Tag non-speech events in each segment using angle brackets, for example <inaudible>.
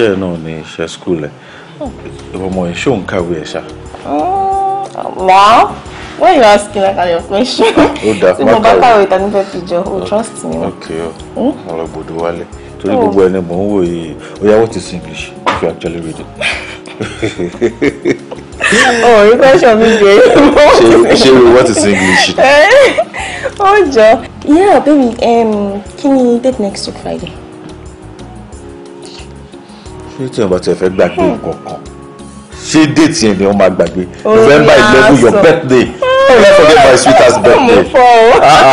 iṣẹ́ náà ni iṣẹ́ school ẹ̀ ọmọ ẹ̀ ṣó ń kàwé ẹ̀ ṣá. ma mm, when you asking that kind of question <laughs> tí mo bá kàwé ìta nífẹ̀ẹ́ fi jọ o oh, trust me. ok hmm? mo lọ gbọ́dọ̀ wálé torí oh. gbogbo ẹni mò ń wò yìí oya what is English if you actually read it. <laughs> oh you question me there. ṣe ṣe what is English. ó <laughs> oh, jọ yeah baby um, kí ni date next week Friday pé tí wọn bá ti fẹ́ gbàgbé hmm. nǹkan kan ṣé déètì yẹn ni wọ́n máa gbàgbé november eleven your birthday oh yeah forget my sweetheart's <laughs> birthday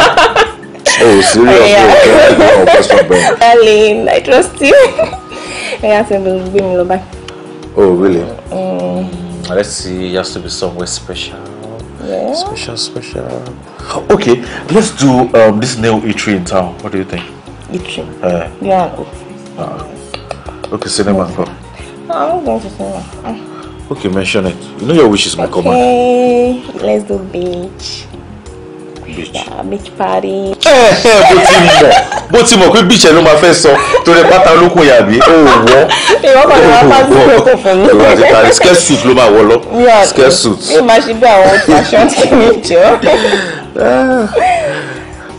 <laughs> oh serious oh yeah. okay i don't know question darling i trust you ẹ yà sẹ́ni ló gbé mi lọ báyìí. oh really hmm. mm. let's see it has to be somewhere special. Yeah. Special, special. Okay, let's do um, this nail eatery in town. What do you think? Eatery. Uh, yeah. Uh, Okay, cinema. Ah, I don't want to cinema. Ah. Okay, mention it. You know your wish is my okay. command. Okay, let's do beach. Beach. Yeah, beach party. Eh, eh, <laughs> bó ti mọ̀ bó ti mọ̀ pé beach ẹ̀ ló máa fẹ́ sọ torí pátá olókùn yàbí ó oh, wọ́. ìwọ kàn ní wọn bá dúró kò fún mi. ìwà ti ta skirt suit ló máa wọ lọ. skirt suit. mi máa ṣe bí àwọn fashion kìíní <laughs> jọ.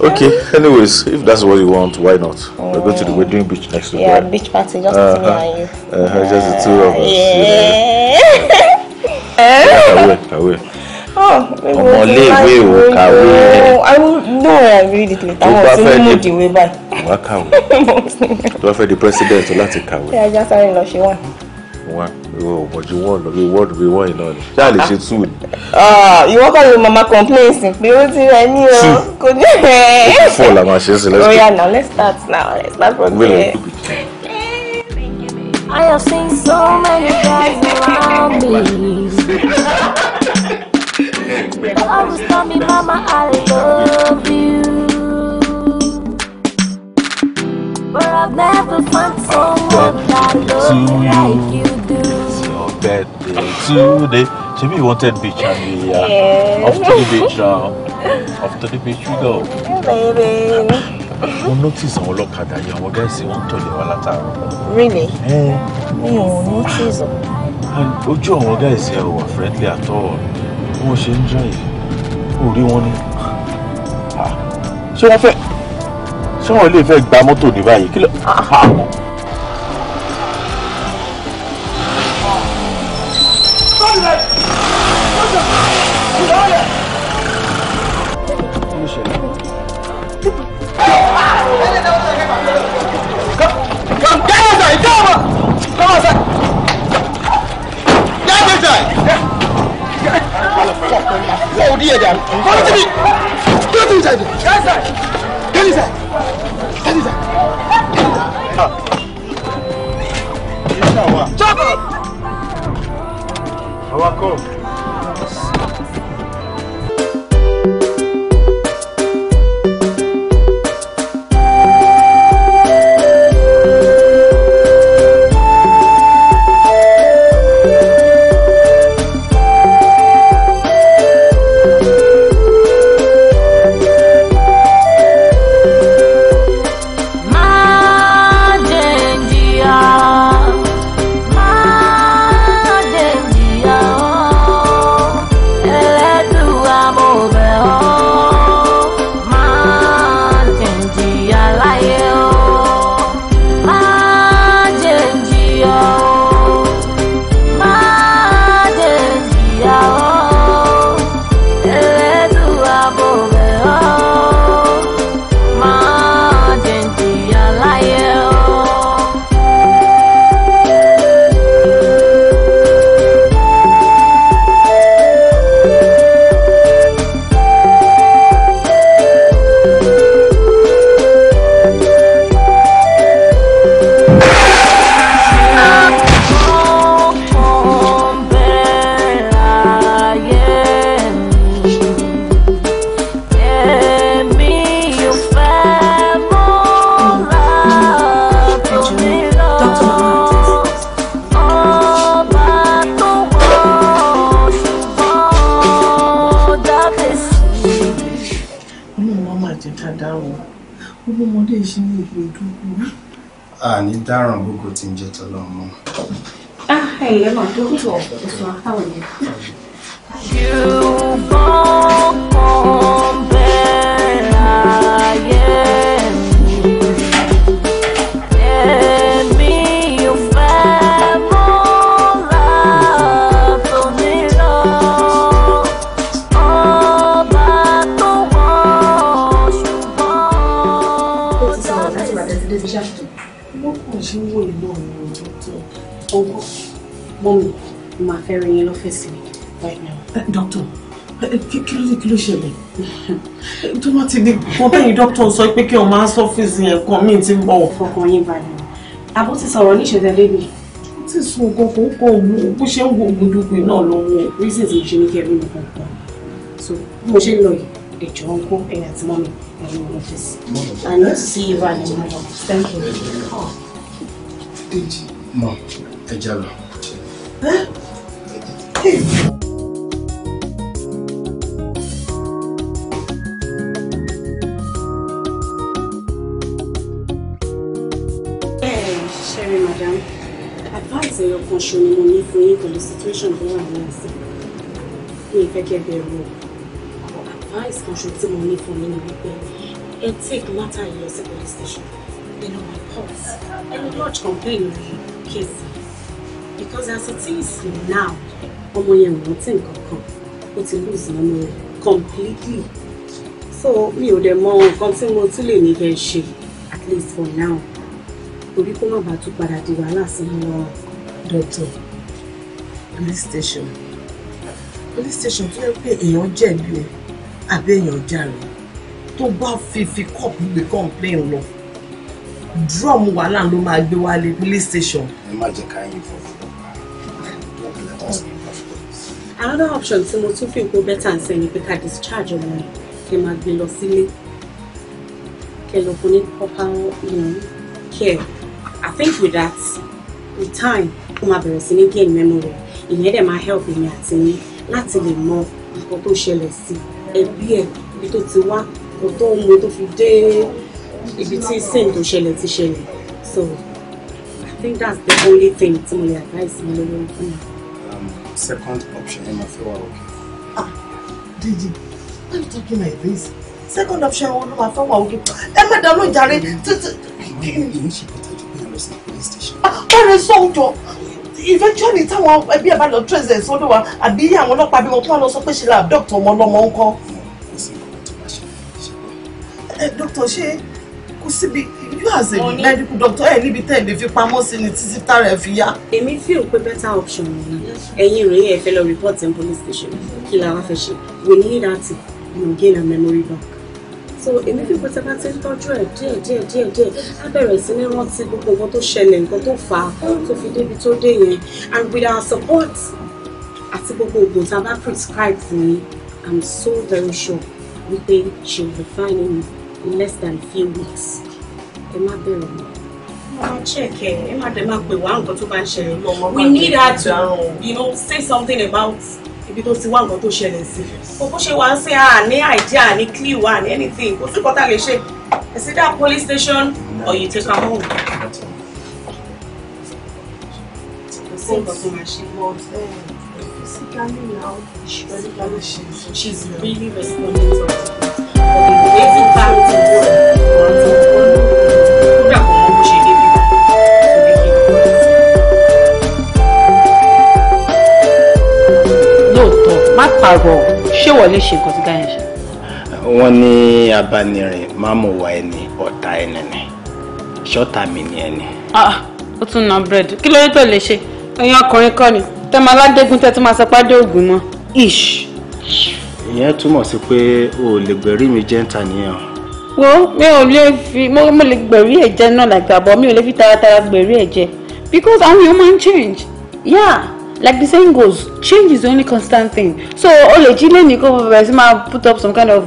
Okay, anyways, if that's what you want, why not? Mm. We're going to the wedding beach next week. Yeah, right? beach party, just uh-huh. me and you. uh just the two of us. Yeah. You know? yeah, <laughs> I will, I will. Oh, ọmọ iléèwé ìwò kàwé rẹ. no i read it later wọn <laughs> ti mú di ìwé báyìí. wàá kàwé tó bá fẹ́ di president Yeah, just ṣé ajá sáré lọ ṣe wà fún wa ìwọ ọ̀pọ̀jù wọ́n lọ bí wọ́ọ̀dù bí wọ́ọ̀yìn náà ni ṣáà lè ṣe <laughs> tù ní. Ah, ìwọ kọ́ ni mama complain sí pé ó ti rẹ ní o kò ní ẹ̀. fún ọ̀la máa ṣe é sí lẹ́sìn. oya oh, now let's start now let's start from there. I have seen so many guys around me. Always tell me, Mama, I love you. But I've never found someone that looks like you birthday today. She we wanted beach and we are uh, yeah. off to the beach now. Uh, off to the beach we go. Baby. Mo notice àwọn ọlọ́kadà yẹn àwọn gẹ́sì wọ́n ń tọ̀lé wa látàárọ̀. Really? Mi ò notice. Ojú àwọn gẹ́sì ẹ̀ wà friendly at all. Bí wọ́n ṣe ń jẹ́ yìí, kò rí wọn ni. Ah, ṣé wọ́n fẹ́ ṣé wọ́n lè fẹ́ gba mọ́tò ní báyìí? Kí ló? Ah. Ah, kuɗi ya da ko ta bi ko ta inside yes sir get inside get inside Chop! Awako. 你说，他问你。ọ́fíìsì mi right now. Eh, doctor eh, kí ló dé kí ló ṣẹlẹ̀ <laughs> tó bá ti di kan tẹ́yìn doctor sọ pé kí ọmọ aṣọ ọ́fíìsì yẹn kan míì ti ń bọ̀. fọkàn yín balẹ̀ àbó ti sọ̀rọ̀ níṣẹ̀lẹ̀ lébi. ó ti sun nǹkan kó kó òun bó ṣe ń wo ògùn dúpin náà lọ́wọ́ reasons mo ṣe ní kẹ́rin nìkan kan so bí mo ṣe ń lọ yìí ẹ̀jọ̀ ń kó ẹ̀yà tí mọ́mi pẹ̀lú ọ́fíìsì I need to see you right now thank you. Dèjì, mọ̀, ẹja it. Sherry, madam, advice ẹ̀yọ̀ kan ṣo ni mo ní fún yín pẹ̀lú situation tó wà ní ẹ̀sìn. Mi ìfẹ́ kẹ́ I o. Advice kan ṣo tí mo ní fún yín ni wípé ẹ take matter yìí lọ sí police station. They know my pulse. Ẹ lodge complain lórí case. Because as it is now, ọmọ yẹn ò rántí nǹkan kan ó ti lose memory completely so mi ò dẹ̀ mọ nǹkan tí mo tún lè ní kẹ́ ṣe at least for now torí kó má bàa tún padà di wàhálà sínú lọ. doctor police station police station tó yẹ pé èèyàn jẹ̀bi o àbí èèyàn jàre tó bá fi fi kọ́ọ̀pù gbé complain lọ drum wàhálà ló máa gbé wálé police station. ẹ má jẹ́ ká yín fọ́fọ́ another option tí mo tún fi kó bẹ́tà ń sẹ́yìn pé ká discharge ọmọ yẹn kẹ́ máa gbé lọ sílé kẹ́ lọ fún ní proper care I think with that with time ó máa bẹ̀rẹ̀ sí ní gain memory ìyẹn dẹ̀ máa help èmi àti yín láti lè mọ nǹkan tó ṣẹlẹ̀ sí ẹbí ẹ̀ ibi tó ti wá nǹkan tó ń mu tó fi dé ibi tí sin tó ṣẹlẹ̀ ti ṣẹlẹ̀ so I think that's the only thing tí mo lè advice mi lórí fún mi second option ni mo fẹ́ ah Deji why you talking like this second option wo ló máa fẹ́ wá òkè ẹ má dá lóun jàre títí. ìyẹn to pàtàkì pé the police station. ah bẹ́ẹ̀ sọ òjò eventually táwọn ẹbí ẹ bá lọ trace ẹ So wa àbí àwọn ọlọ́pàá bí wọn kí wọn lọ sọ pé ṣe la doctor. ọmọ ọlọ́mọ ńkọ́ you as a medical doctor ẹ eh, níbi tẹ́ ẹ lè fi pamọ́ sí ni títí tára ẹ fi yá. èmi feel pé better option ni ẹ̀yin ìròyìn ẹ fẹ́ lọ report in police station kí la wá fẹ́ ṣe we need that to gain a memory back so èmi fi pé tẹ́bá ti ń tọ́jú ẹ̀ díẹ̀ díẹ̀ díẹ̀ díẹ̀ á bẹ̀rẹ̀ sí ní rántí gbogbo nǹkan tó ṣẹlẹ̀ nǹkan tó fà á tó fi débi tó dé yẹn and with our support àti gbogbo oògùn tá a bá prescribe fún yín i'm so very sure wípé she will be fine in less than a few weeks ẹ má bẹ̀rù mi. We need her to, um, you know, say something about ibi tó ti wá nǹkan tó ṣẹlẹ̀ sí. Kò bó ṣe wá ń ṣe à ah, ní àìjẹ́ à ní clean ah, wà anything. Kò sí kọ́tà lè ṣe. I see that police station or you take her home. Kò sí nǹkan tó máa ṣe but Sikami um, now, she's really responsible. Okay, the basic fact pàrọ̀ ṣé wọ́n lè ṣe nǹkan tí gáyẹn ṣe. wọ́n ní abánirin mámùwá ẹni ọ̀tá ẹni ni ṣọ́tà mi ni ẹni. Ah, ó tún na búrẹ́dì kí ló dé tó lè ṣe ẹ̀yin ọkùnrin kọ́ ni tẹ́mọ aládégún tẹ́ tún máa sapá ògùn mọ́ ish. ìyẹn túmọ̀ sí pé o ò lè gbẹ̀rí mi jẹ́ǹtà nìyẹn wo mi ò lè fi mo lè gbẹ̀rí ẹ̀jẹ̀ náà làgbà bọ́ mi ò lè fi taratara gbẹ̀rí ẹ̀jẹ̀ because àwọn èèyàn máa ń change yeah like the saying goes change is the only constant thing so o lè jí lẹ́nu kó bẹ̀rẹ̀ put up some kind of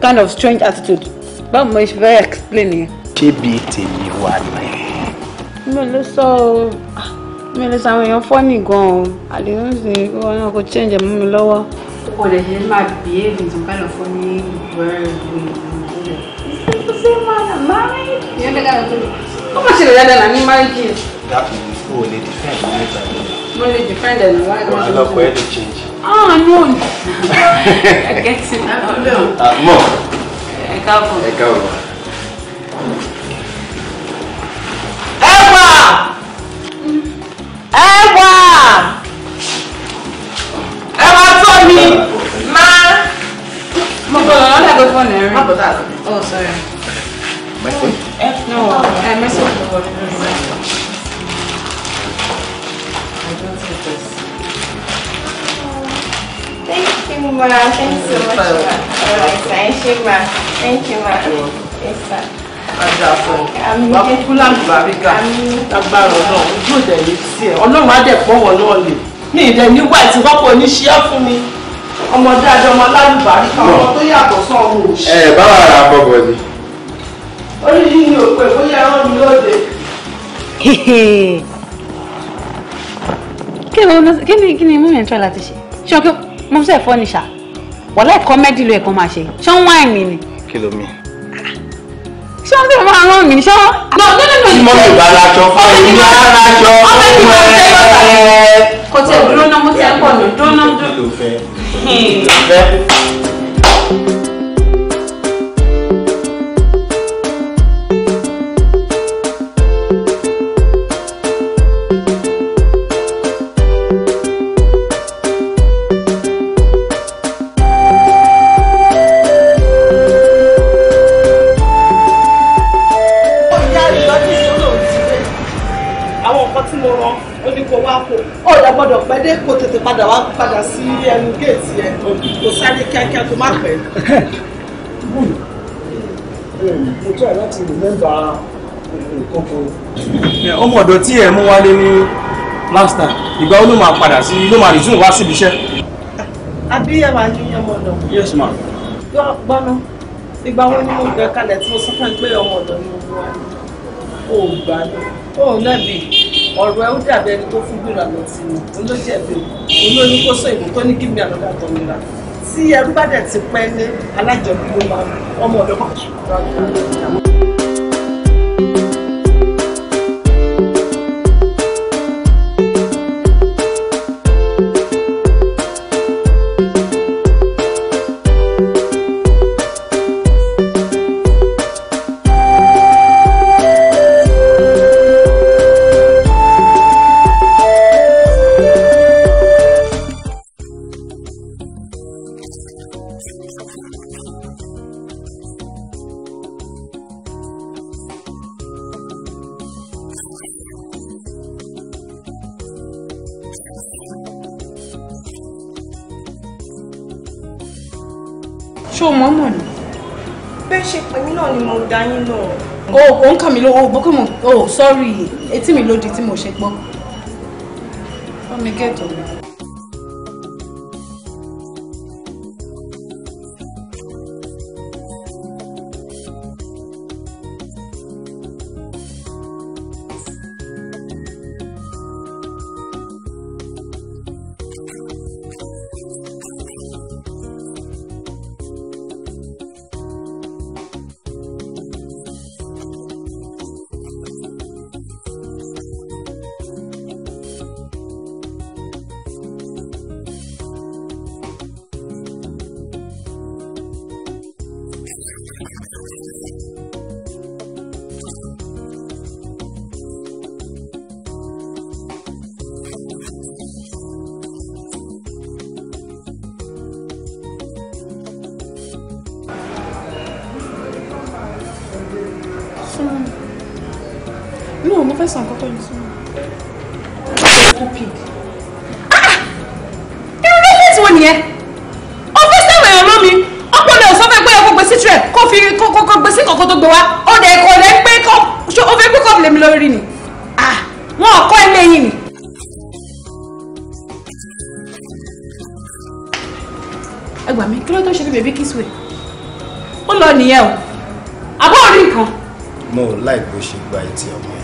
kind of strange attitude But mo ṣe fẹ́ explain yẹn. ṣé bíi tèmi wà ní. mi ò lè sọ o ah, mi ò lè sọ àwọn èèyàn fọ́ọ̀nì gan-an o àdéhùn sì ni kí wọn náà kó change mú mi lọ́wọ́. o lè ṣe máa behave in some kind of funny way. ṣé máa nà máa rí. ìyẹn lè dára tó lè. ó mà ṣe lè dáadáa ní máa rí kí ẹ. dáàbò o lè defend nípa ìlú mo lè defend ẹ̀ náà. wàá lọ pẹ́ lè change. ah no <laughs> i get it. Ah, mọ. ẹ káàbọ̀. ẹ káàbọ̀. ẹwà ẹwà ẹwà tó mi máa. mo bọ̀ lọ́wọ́ lágbo fọ́ọ̀nù ẹ̀rín. má bọ̀ tá a lọ. oh sorry. my phone. no ẹ eh, mẹ́sàn-án. Thank you, ma. Thank you so much, ma. All thank you, ma. Thank you, ma. Yes, sir. ma. Adáfẹ́, wà á kúkú lágbàríkà, lágbára ọlọ́run, ojú òdẹ̀ yìí sí ẹ̀, ọlọ́run á dẹ̀ pọ̀ wọ́n náà lè. Mi ìdẹ̀ níwà tí wọ́n kò ní ṣíẹ́ fún mi. Ọmọ dáadáa ọmọ lálùbáríkà, ọmọ tó yàtọ̀ sọ ọmọ òṣì. Ẹ báwa ra bọ̀bọ̀ ni. Oríṣi ni òpè bóyá ẹran mi lóde. Kí ni kí ni mímì ń tọ́ láti ṣe? Ṣé o kí o? mo fẹ́ fọ́ ni ṣá wọ́n láì kọ́mẹ́dì ló ẹ̀kan máa ṣe ṣé ń wá ẹ̀mí ni. kí ló mi. ṣé wọ́n fẹ́ máa rán mi ṣé wọ́n. lọ lọ lọ lọ. mo lè bá aláṣọ fún mi ní aláṣọ fún mi ẹ. kò tẹ̀ dúró náà mo tẹ̀ pọ̀ nù dúró náà dúró. ọmọ ọ̀dọ̀ tí ẹ̀ mú wálé ní last time ìgbà wo ló máa padà sí ló máa resume wá síbi iṣẹ́. àbí ẹ máa ní ọmọ ọ̀dọ̀. yes ma. yọ gbọ́nà ìgbà wo ni mo gbẹ kalẹ̀ tí mo sọ fún ẹ pé ọmọ ọ̀dọ̀ ni mo wá ní. o ò gbà lọ o ò lẹ́bi ọ̀rọ̀ ẹ ó dàbí ẹni tó fún gbìyànjú àlọ́ sí mi òun ló jẹ̀bi òun ló ní kó sọ ìwé tó ní kí mi àlọ́ dàtọ̀ mi rà tí ẹrú bá dẹ̀ ti pẹ́ ní alájọbí ló máa ọmọ ọ̀dọ́ sorry etí mi ló di tí mo ṣe gbọ́ bá mi fẹ̀sùn nǹkan tó yẹ sí mi. irú rẹ́lẹ̀tì wo nìyẹn ọfẹ́ sẹ́wọ̀n èèyàn lọ́ mi ọpọ mi ò sọ fẹ́ pé ọkọ̀ gbé sí tirẹ̀ kó fi kókó gbé sí kọ̀kọ́ tó gbé wá ọ̀dẹ̀ ẹ̀kọ́ ọ̀dẹ̀ pé kọ́ ó fẹ́ pé kọ́ lèmi lórí ni wọn ò kọ́ ẹ lẹ́yìn ni. ẹ gbà mí kí kiss way ó lọ nìyẹn o àbọ̀ orí nǹkan. mo láì bó ṣe gba etí ọmọ yẹn.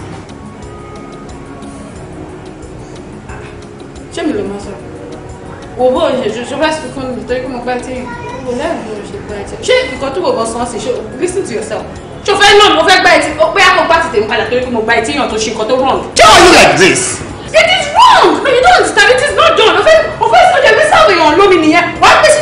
bòbó ìṣèṣe ṣó bá ṣe fún mi torí pé mo pẹ́ tí o lẹ́rù ló ṣe gba ẹ̀jẹ̀ ṣé nǹkan tó bòbó san sí listen to yourself ṣo fẹ́ lónìí mo fẹ́ gba ẹtí o pé àpò pàtì tèmi padà torí pé mo gba ẹtí yàn tó ṣe nǹkan tó wrong. ṣé o like this. it is wrong no you don't understand it is not done o fẹ́ o fẹ́ sọ jẹ́ mi sáwọn èèyàn lómi nìyẹn What pèsè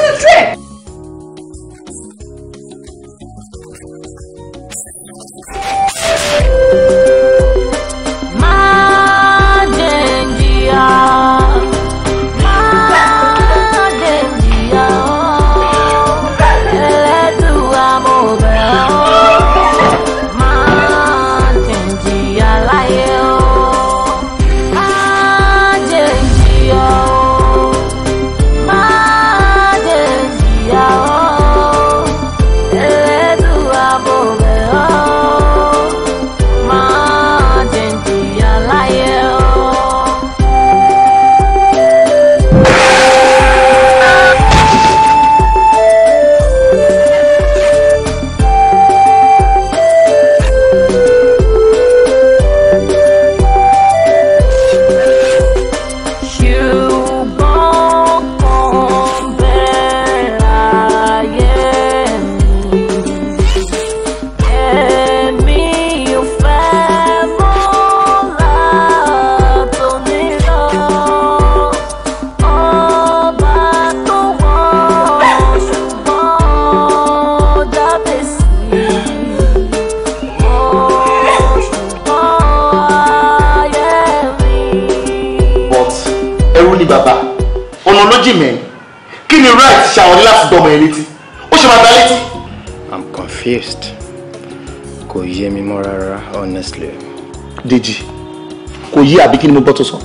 àbí kí ni mo gbọ́ tó sọ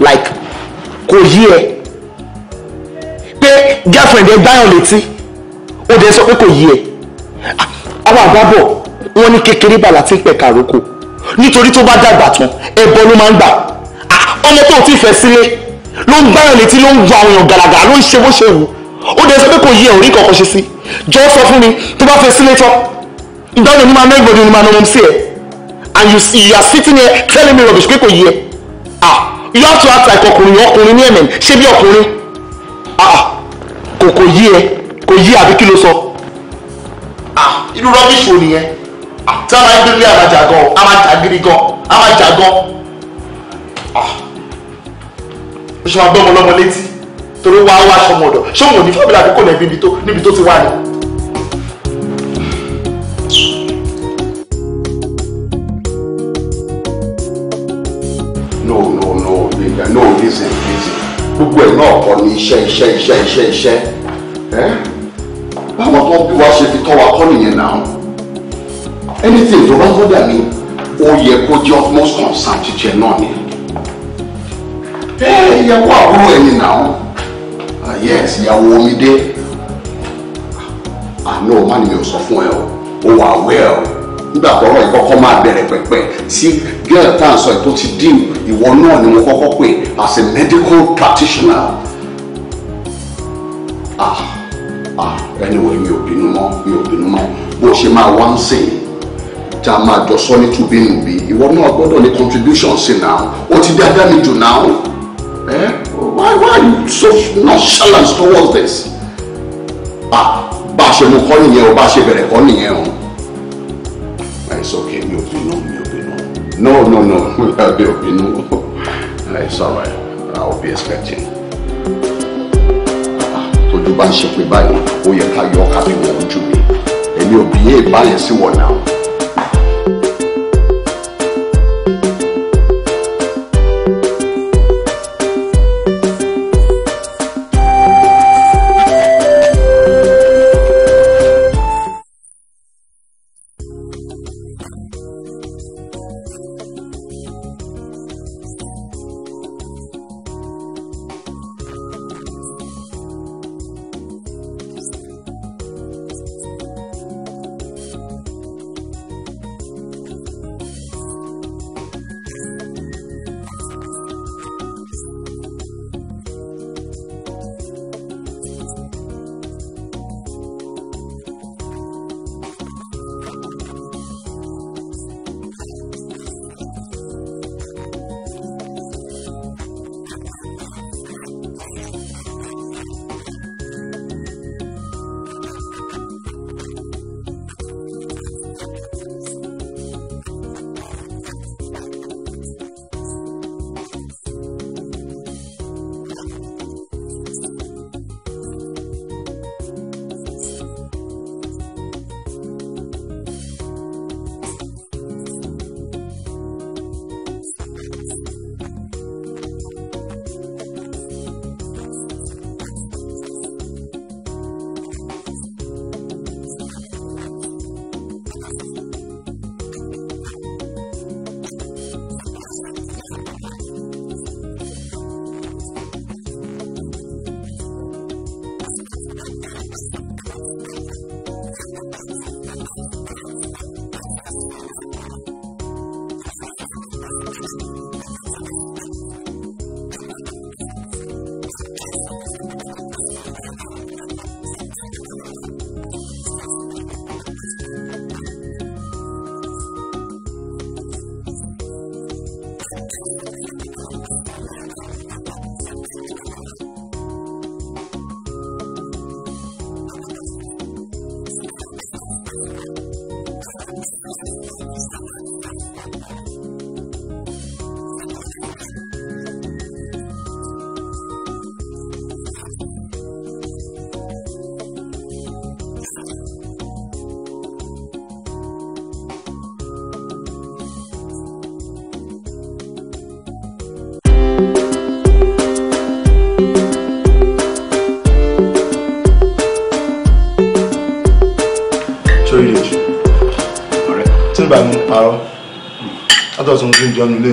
like kò yí ẹ pé girlfriend ẹ gbáyàn létí ó dẹ̀ sọ pé kò yí ẹ àwọn àbábọ̀ wọn ní kékeré bàlá tí ń pẹ̀ kàrókò nítorí tó bá dàgbà tán ẹbọ ló máa ń gbà ah, ọmọ tó ti fẹ́ sílé ló ń gbáyàn létí ló ń wọ àwọn èèyàn gàràgà ló ń ṣe bó ṣe wù ó dẹ̀ sọ pé kò yí ẹ ò rí kankan ṣe sí jọ sọ fún mi tó bá fẹ́ sílé tán ìdáhùn ni máa mẹ́gbọ̀dún ni máa nọ́ mọ́ sí ẹ and you, you are sitting here telling me rubbish pé kò yí ẹ you have to act like ọkùnrin ọkùnrin ní ẹ̀mẹ̀ ṣé bí ọkùnrin ah, ah. kò kò yí ẹ kò yí àbí kí ló sọ ah, irú rọ́bìṣì wo nìyẹn tí a máa ń gbélé àmàjà gan a máa jà gírí gan a máa jà gan ó ṣe máa gbọ́ ọmọ lọ́mọ létí torí wàá wá aṣọ ọmọ ọ̀dọ̀ ṣé òun ò ní fábílà àbí kò lẹ́bi níbi tó ti wà ní. iṣẹ́ iṣẹ́ iṣẹ́ iṣẹ́ iṣẹ́ ẹ́ báwọn tó bí wa ṣe fi tọ́ wa kọ́ nìyẹn náà anything tó bá gbọ́dọ̀ ni ó yẹ kó jẹ́ of most concern jíjẹ náà ni ẹ yẹ kó àbúrò ẹni náà ah, yes ìyàwó omi dé àná ah, o má ní mi ò sọ fún ẹ o ó wà wẹ́ẹ̀ o nígbà tọ́rọ̀ yìí kọ́kọ́ máa bẹ̀rẹ̀ pẹ̀pẹ̀ tí gẹ́ẹ̀ tá à ń sọ ètò ti dín ìwọ náà ni mo kọ́kọ́ pè as a medical practitioner ah anyway mi ò bínú mọ́ mi ò bínú mọ́ bó ṣe máa wá ń sìn tá a máa jọ sọ ní tùbínú bí ìwọ náà gbọ́dọ̀ ní contribution sí náà ó ti dáadáa mi jù náà eh why why are you so nonchalant towards this ah bá a ṣe mú kọ́ nìyẹn o bá a ṣe bẹ̀rẹ̀ kọ́ nìyẹn o ah, it's okay mi ò bínú mi ò bínú no no no <laughs> mi ò bínú <laughs> ah, it's alright I will be expecting tó bá ń ṣe pé báyìí ó yẹ ká yọ ọ́ ká fi wọ̀ ojú mi èmi ò bí yé ìbáyẹn sí wọ̀ náà. sóhun tó ń jẹun nílé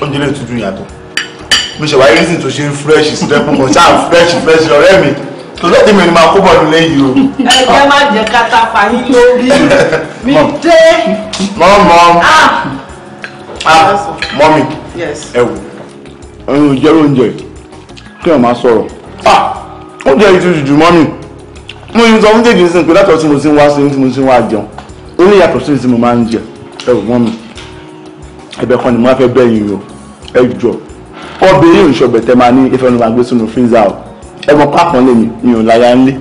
oúnjẹ lè tuntun yàtọ̀ bí ṣe wáyé reason tó ṣe ń fresh step kan ṣáà fresh fresh ọ̀rẹ́ mi tó lọ́ọ́ tèmi ni máa kó bọ́ọ̀lù lẹ́yìn o. ẹ jẹ́ má jẹ́ kata fàyín lórí mi dé. mọ mọ mọ mi ẹ wò ẹyin ò oúnjẹ kí ẹ máa sọ̀rọ̀ ah, oúnjẹ yìí ti dùdù mọ́ mi mo yìí sọ fún jèjì sí pé látọ̀ tí mo ti ń wá sí mo ti ń wá jẹun ó ní yàtọ̀ sí tí mo máa ń jẹ ẹ wò mọ́ mi ẹ̀bẹ̀ kan ni mo fẹ́ bẹ̀yìn o ẹ jọ ọbẹ̀ yìí ò ń ṣọgbẹ̀ tẹ́ máa ní ìfẹ́ ọ̀nà gbé sínú fíńzà o ẹ̀gbọ́n pápọ̀ lèmi mi ò láya ńlé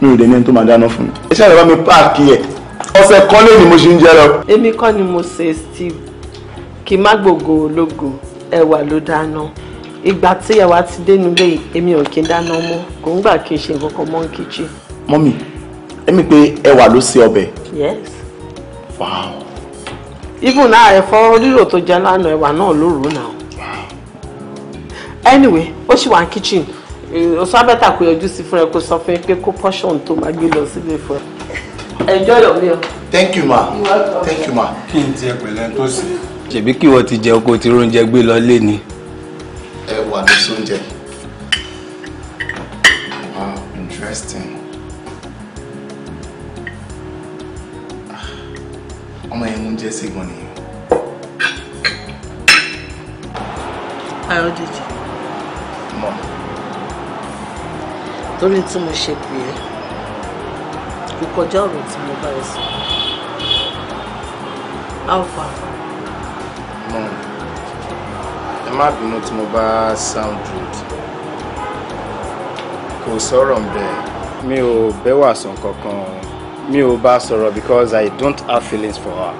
mi ò dé ní ẹni tó máa dáná fún mi. iṣẹ́ ìrọ̀bá mi páàkì ẹ̀ ọ̀sẹ̀ kan lé ni mo ṣe ń jẹ lọ. èmi kọ́ ni mo ṣe steve kì í má gbògo ológo ẹ̀wà ló dáná ìgbà tí ẹ̀wà ti dé nílé èmi ò kí ń dáná mọ́ kò ń gbà kí n ṣe nǹkan kan mọ́ ń kíchìn. mọ́mì ẹ̀mí pé ẹ̀wà ló ṣe ọbẹ̀. yes. wow even náà ẹ̀fọ́ rírò to jẹ lánàá ẹ̀wà no lóru now. anyway ó sì wà kitchen ó sábẹ́ tà kó yọjú sí fún ẹ kó sọ fún portion tó máa gbé lọ sílé enjoy your meal. thank you ma thank you ma. kí n tiẹ̀ pẹ̀lẹ́ tó sí. ṣèbí kí wọ́n ti jẹ oko tí oúnjẹ gbé lọ lé ni. ẹ wà ní wow interesting. ọmọ yẹn mú jẹ́ sígbọ̀n nìyẹn. Ayọ̀ dèjì. Mọ̀. Torí tí mo ṣe pè é, kò kọjá ọ̀rọ̀ tí mo bá ẹ sọ. Alfa. Mọ̀. Ẹ má bínú tí mo bá sound rude. Kò sọ̀rọ̀ ń bẹ̀. Mi ò bẹ́wà sàn kankan mi ò bá sọ̀rọ̀ because I don't have feelings for her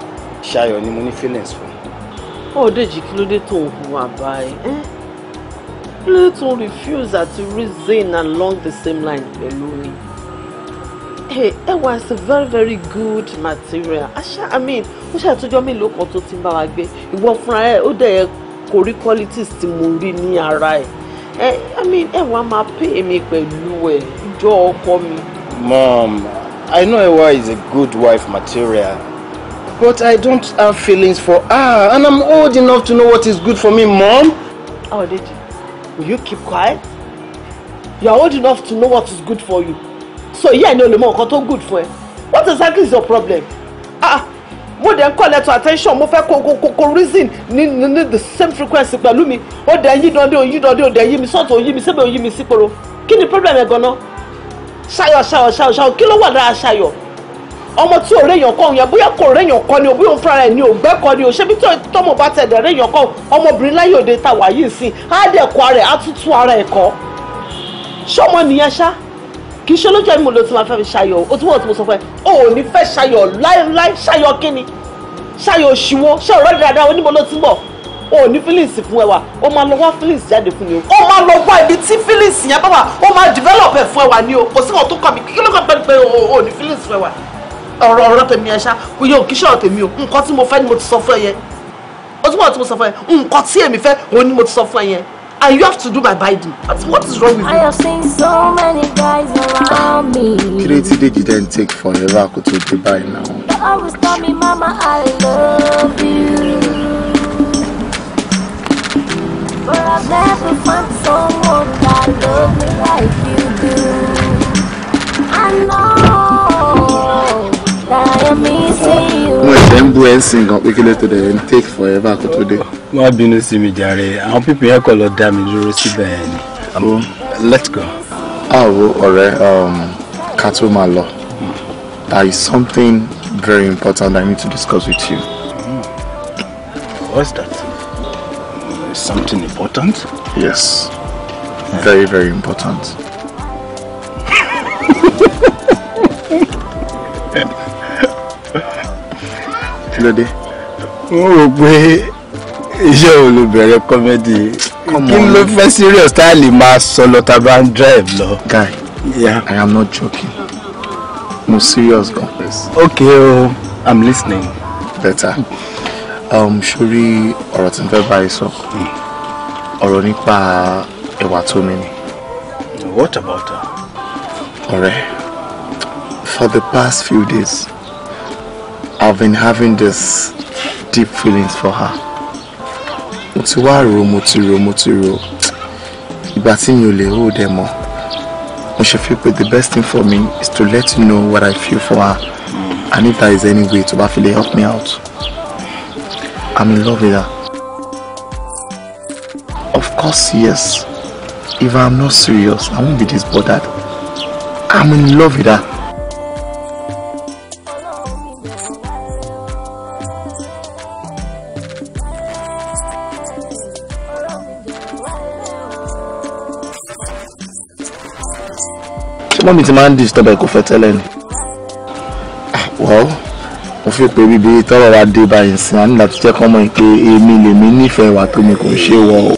ṣayọ̀ ni mo ní feelings for? ó dèjì kí ló dé tó ń hùwà báyìí kí ló dé tó ń refuse àti reason along the same line pẹ̀lú mi. ẹwà is a very very good material aṣá i mean ó ṣàtúnjọ́ mélòó kan tó ti ń bá wa gbé ìwọ fúnra ẹ ó dẹ̀ yẹ kó rí qualities tí mo rí ní ara ẹ i mean ẹwà máa pè mí pẹ̀lú ẹ ìjọ ọkọ mi. mom I know Ewa is a good wife material, but I don't have feelings for her, and I'm old enough to know what is good for me, Mom. Oh, did you? Will you keep quiet? You are old enough to know what is good for you. So yeah, no, Lemo, Koto good for you. What exactly is your problem? Ah, mo dẹ̀ call that to attention more mo fẹ́ kó kó kó reason ní ní ní the same frequency pẹ̀lú mi ó dẹ̀ yí dọ́dé ó yí dọ́dé ó dẹ̀ yí mi sọ́ọ̀tù ó yí mi sẹ́bẹ̀ ó yí mi síporo kí ni problem ẹ̀ gan-an? ṣayọ̀ ṣayọ̀ ṣayọ̀ ṣayọ̀ kí ló wà lára ṣayọ̀ ọmọ tí ò réyàn kọ́ yẹn bóyá kò réyàn kọ́ ni o bóyá òun fúnra rẹ̀ ni ò gbẹ́kọ́ ni o ṣé bí tọ́mọ bá tẹ̀lé réyàn kọ́ ọmọbìnrin láyé òde ta wà yìí sí á dẹ̀ kọ́ ara ẹ̀ á tún tún ara ẹ̀ kọ́ ṣọmọ nìyẹn ṣá kì í ṣe lójú ẹ̀mí ló ti máa fẹ́ fi ṣayọ̀ o tí wọ́n ti mo sọ fún ẹ o ò ní fẹ́ ṣayọ̀ láéláé ṣayọ̀ kíni ṣayọ̀ òṣìwò ṣayọ̀ rẹ̀ dáadáa onímọ̀ ló ti ń bọ̀ o ní feelings fún ẹwà o máa lọ wá feelings jáde fún ni o. ó máa lọ wá ibi tí feelings yẹn bá wà ó máa develop ẹ̀ fún ẹwà ni o kò sí wọn tó kọ mi kí ló kọ pé pé o ní feelings fún ẹwà ọ̀rọ̀ ọ̀rọ̀ tèmi ẹ ṣá kò yẹ òkè ṣọ̀rọ̀ tèmi o nǹkan tí mo fẹ́ ni mo ti sọ fún ẹ yẹn o tún bọ̀ tí mo sọ fún ẹ nǹkan tí èmi fẹ́ òun ni mo ti sọ fún ẹ yẹn and you have to do my biding what is wrong with you. I have seen so many guys around me. kí ló ti déjì dẹ́n take forever kó tó dé báyìí náà. you always tell me mama I love you. For I've never found someone that loved me like you do. I know that I am missing you. Wọ́n ṣe ń bú ẹ̀sìn gan pé kí take forever kó tó dé. Má bínú sí mi jàre, àwọn pípín yẹn kọ̀ lọ dá mi dúró síbẹ̀ yẹn ni. Àmọ́ um, let's go. Àwo ah, ọ̀rẹ́ um, tó malo. lọ. There is something very important I need to discuss with you. Mm. What's that? is something important? Yes. Yeah. Very, very important. <laughs> Kí ló dé? Mo rò pé iṣẹ́ wo ló bẹ̀rẹ̀ kọ́mẹ́dì. Kí ló fẹ́ serious tá a lè máa sọ lọ bá ń drive lọ? Guy, yeah. I am not joking. Mo serious gan. Okay oh, I'm listening. Better. Um, sórí ọ̀rọ̀ tí n fẹ́ bá ẹ sọ hmm. ọ̀rọ̀ nípa ẹ̀wà tó mi ni. what about her? ọ̀rẹ́ for the past few days I've been having this deep feelings for her mo ti wá rò mo ti rò mo ti rò ìgbà tí mi ò lè hold ẹ mọ́ mo ṣe feel pé the best thing for me is to let you know what I feel for her hmm. and if there is any way to bá fi lè help me out. I'm in love with her. Of course, yes. If I'm not serious, I won't be this bothered. I'm in love with her. ṣé mọ́mí ti máa ń disturb ẹ̀ kò fẹ́ tẹ́lẹ̀ ni mo fi pé bíbi tọ́rọ̀ wa dé báyìí sí i nígbà tó kọ́ mọ́ pé èmi lèmi nífẹ̀ẹ́ wà tó kò ṣe wọ.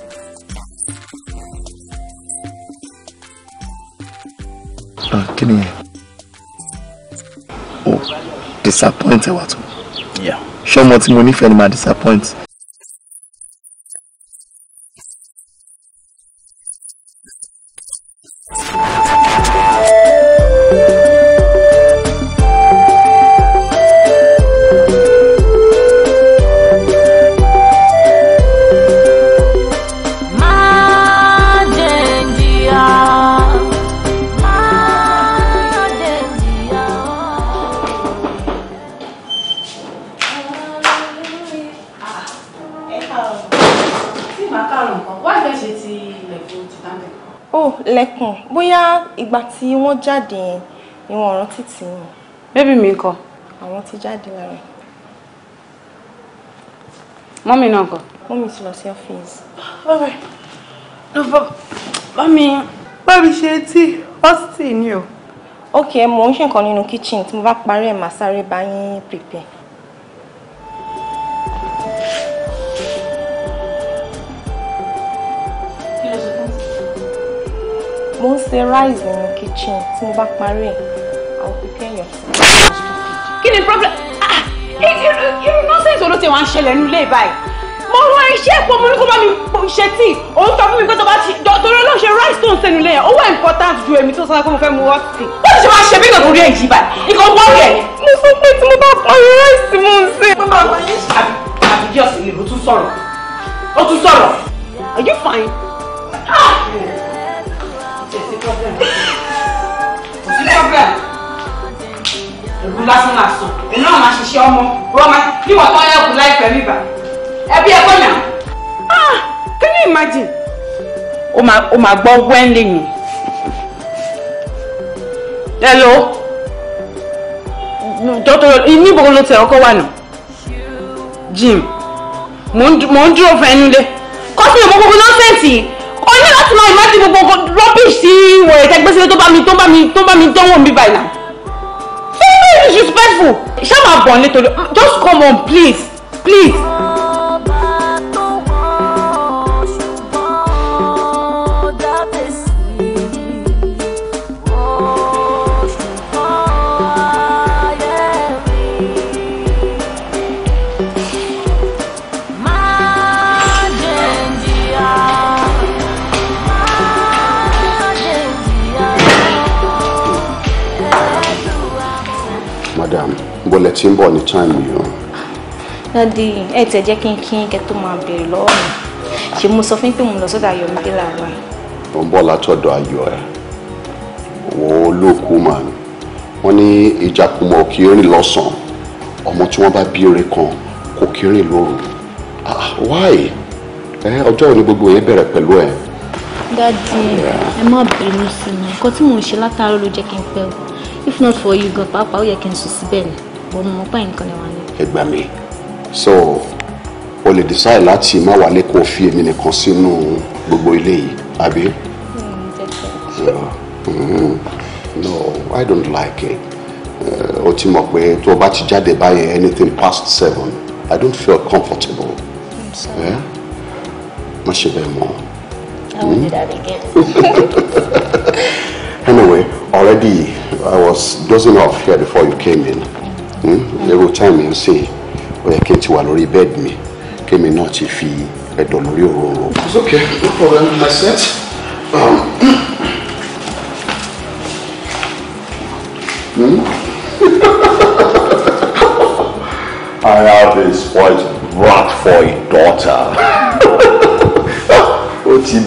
kí ni o disappoint ẹ wà tó ṣé ọmọ tí mo nífẹ̀ẹ́ ni màá disappoint. tí wọ́n jáde yẹn ni wọ́n rántí tì wọ́n. bébì mi ńkọ́. àwọn ti jáde lára. mọ́mì náà ńkọ́. mọ́mì ti lọ sí ọ́fíìsì. bàbá bàbá bá mi bá mi ṣe tí ọ́sítì ni o. ok mo ń ṣe nǹkan nínú kíchìn tí mo bá parí ẹ̀ màá sáré bá yín prepare. mo ń ṣe rice nínú kitchen tí mo bá parí ẹ̀ àwọn pípẹ́ yẹn fún kí ni problem ah, irú nọ́ọ̀sẹ̀sì olóṣèlú wa ń ṣẹlẹ̀ nílé báyìí mo rán iṣẹ́ ìpò mo ní kó bá mi ṣe tí òun sọ fún mi pé tó bá ti torí ló ṣe rice tó ń sẹ́nu lẹ́yìn owó important ju èmi tó sọ pé mo fẹ́ mu wọ́n sí. ó ti ṣe máa ṣe bí ìgbà tó rí èyí báyìí ìkọ̀ wọ́n rẹ̀. mo sọ pé tí mo bá parí rice mo ń sè. mo máa ń ṣe ni o tún sọ̀rọ̀ o tún sọ̀rọ̀ are you fine. Ah, can you imagine. Oh my, oh my, gbọ́ Wendy. Hello. Doctor, dọ́tọ̀ níbo ló tẹ̀ ọkọ wà nù jim mò ń dúró fún ẹnu lé kọ́sìmọ̀ gbogbo nọ́ọ̀sẹ̀ǹsì yìí ó ní láti máa mi tó bá mi tó bá mi dánwò mi báyìí náà very very disrespectful ṣé máa bọ̀ nítorí just come on please please. níbo lẹ ti ń bọ̀ ní táìmù yìí o. dádì ẹ tẹ jẹ́ kí n kí n kẹ tó máa béèrè lọ́wọ́ mi ṣe mo sọ fún pé mo lọ sọ́dọ̀ ayọ̀mídé làárọ̀ yìí. mo ń bọ̀ látọ̀dọ̀ ayọ̀ ẹ̀ wo olóòkú mà ní wọ́n ní ìjàkùmọ̀ kì í rìn lọ́sàn-án ọmọ tí wọ́n bá bí eré kan kò kì í rìn lóru ah, wáyé ọjọ́ òní gbogbo yẹn bẹ̀rẹ̀ pẹ̀lú ẹ̀. dádì ẹ má bínú sí mi nǹkan tí mò ń ṣe látàárọ̀ ló jẹ́ kí n pẹ́ o if not for you gan pàápàá ó yẹ kí n sùn síbẹ̀ ni bọ́ mo mọ̀ pé nǹkan ni wà ní. ẹ gbà mí so o lè decide láti má wálé kó o fi èmi nìkan sínú gbogbo ilé yìí àbí. Hmm, mm-hmm. no i don't like it uh, o ti mọ̀ pé tó o bá ti jáde báyẹn anything past seven i don't feel comfortable. Hmm, má ṣe bẹ́ẹ̀ mọ́. I will do hmm? that again. <laughs> anyway, already I was dozing off here before you came in ẹrù táìmù ń sè ó yẹ kí n ti wà lórí bẹ́ẹ̀dì mi kémi náà ti fi ẹ̀dọ̀ lórí òróró. it's um, hmm? Hmm? <laughs> I have this spoilt brat for a daughter. <laughs> Ó ti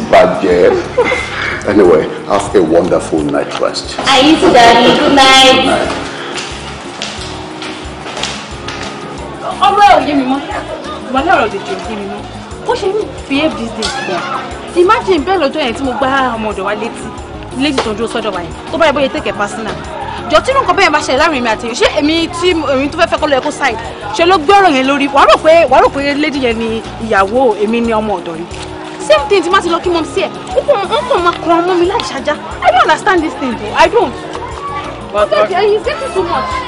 Anyway, have a wonderful night rest. I used to daddy. Good night. Good night. ò yé mi mọ́ ìwà lọ́rọ̀ lè jò yé mi mọ́ ó ṣe ń behave these days gan imagine bẹ́ẹ̀ lọ́jọ́ yẹn tí mo gbá ọmọ ọ̀dọ̀ wa létí lady tó ń dúró sọ́dọ̀ wa yẹn tó bá yẹ bóyá take a personal jọ tí nǹkan bẹ́ẹ̀ bá ṣẹlẹ̀ láàrin èmi àtẹ̀yìn ṣé èmi tí èmi tó fẹ́ fẹ́ kọ́ lọ ẹ̀kọ́ side ṣe ló gbé ọ̀rọ̀ yẹn lórí wàá rò pé wàá rò pé lady yẹn ni ìyàwó èmi ni ọmọ ọ̀dọ̀ ni same thing imagine. má ti lọ kí mọ́ sí ẹ̀ ó kàn ó kàn máa kọ́ ọmọ mi láì ṣájá I don't understand this thing though I don't. But, okay, okay. he's getting too much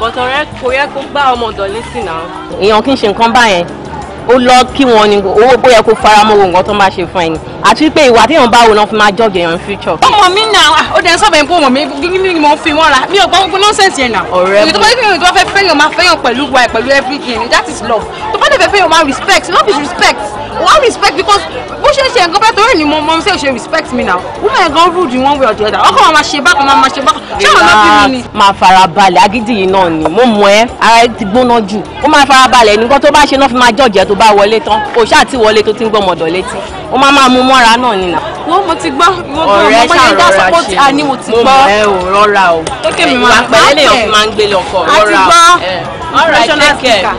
bọ̀tọ̀ rẹ kò yẹ kó gbá ọmọ ọ̀dọ̀ létí náà. èèyàn kì í ṣe nǹkan báyẹn ó lọ kí wọn ni owó bóyá kó fara mọ́ nǹkan tó máa ṣe fún ẹni àti pé ìwà téèyàn bá wò náà fi máa jọ́ọ̀gì èèyàn future. ọmọ mi nà ah, ó dẹ̀ sọ̀bẹ̀ pé ọmọ mi ni mo fi wọ́n ra mi ò gbọ́ gbogbo nọ́ọ̀sẹ̀sì ẹ̀ nà. ọ̀rẹ́ mi ìgbà tó bá yẹ kí èèyàn tó bá fẹ́ fẹ́yàn máa fẹ́yàn pẹ̀lú wa pẹ̀lú everything that is love fẹ́ pé o máa respect no be respect o wan respect because bó ṣe ṣe nǹkan bá torí ni mo mọ ṣe ṣe respect me now woman gan rude in one way or the other ọkọ máa ṣe bákan máa ṣe bákan ṣé wọn bí mi ni. máa fara balẹ̀ agídí yìí náà ni mo mọ̀ ẹ́ ara ti gbóná jù ó máa fara balẹ̀ nǹkan tó bá ṣe náà fi máa jọ̀jẹ̀ tó bá wọlé tán kò ṣáà ti wọlé tó ti ń gbọ́mọdọ̀ létí ó máa máa mú mọ́ra náà nìyà. wọ́n mo ti gbọ́ mo gbọ́ ọmọ mo ti all right take care.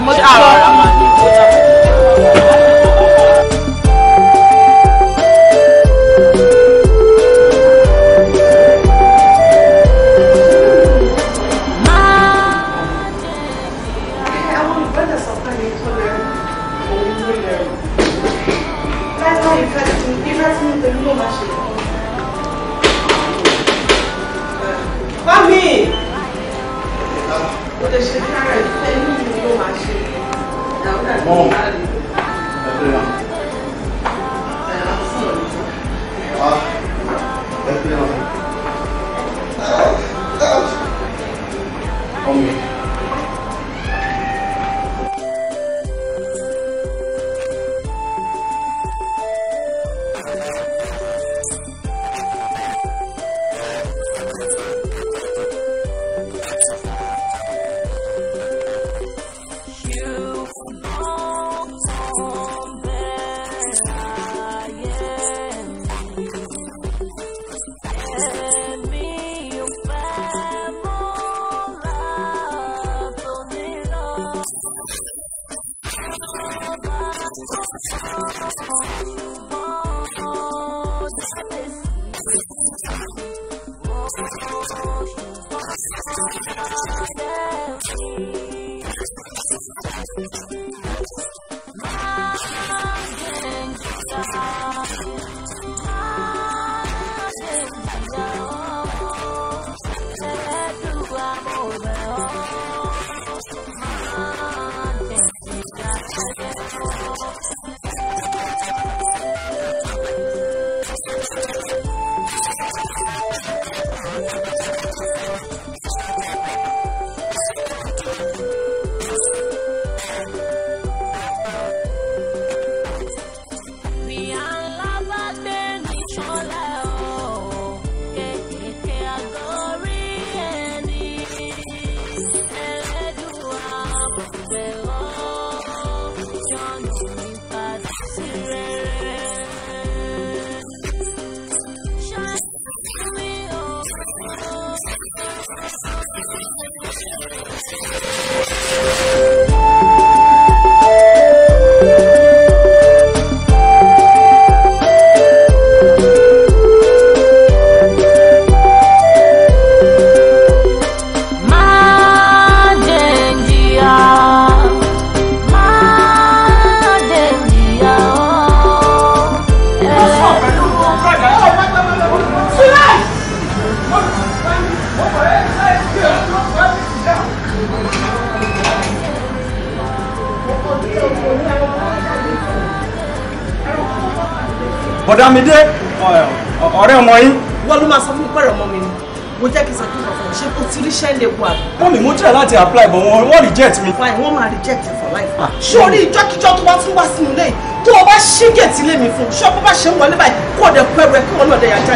reject mi. why wọ́n máa reject you for life. sórí ah, ìjọ́kíjọ́ tó bá tún wá sínú ilé tó o bá ṣí gèètì lé mi fún un ṣọ́ọ́ bá ṣe ń wọlé báyìí kó o dẹ̀ pẹ́ kí wọ́n náà dẹ̀ yà já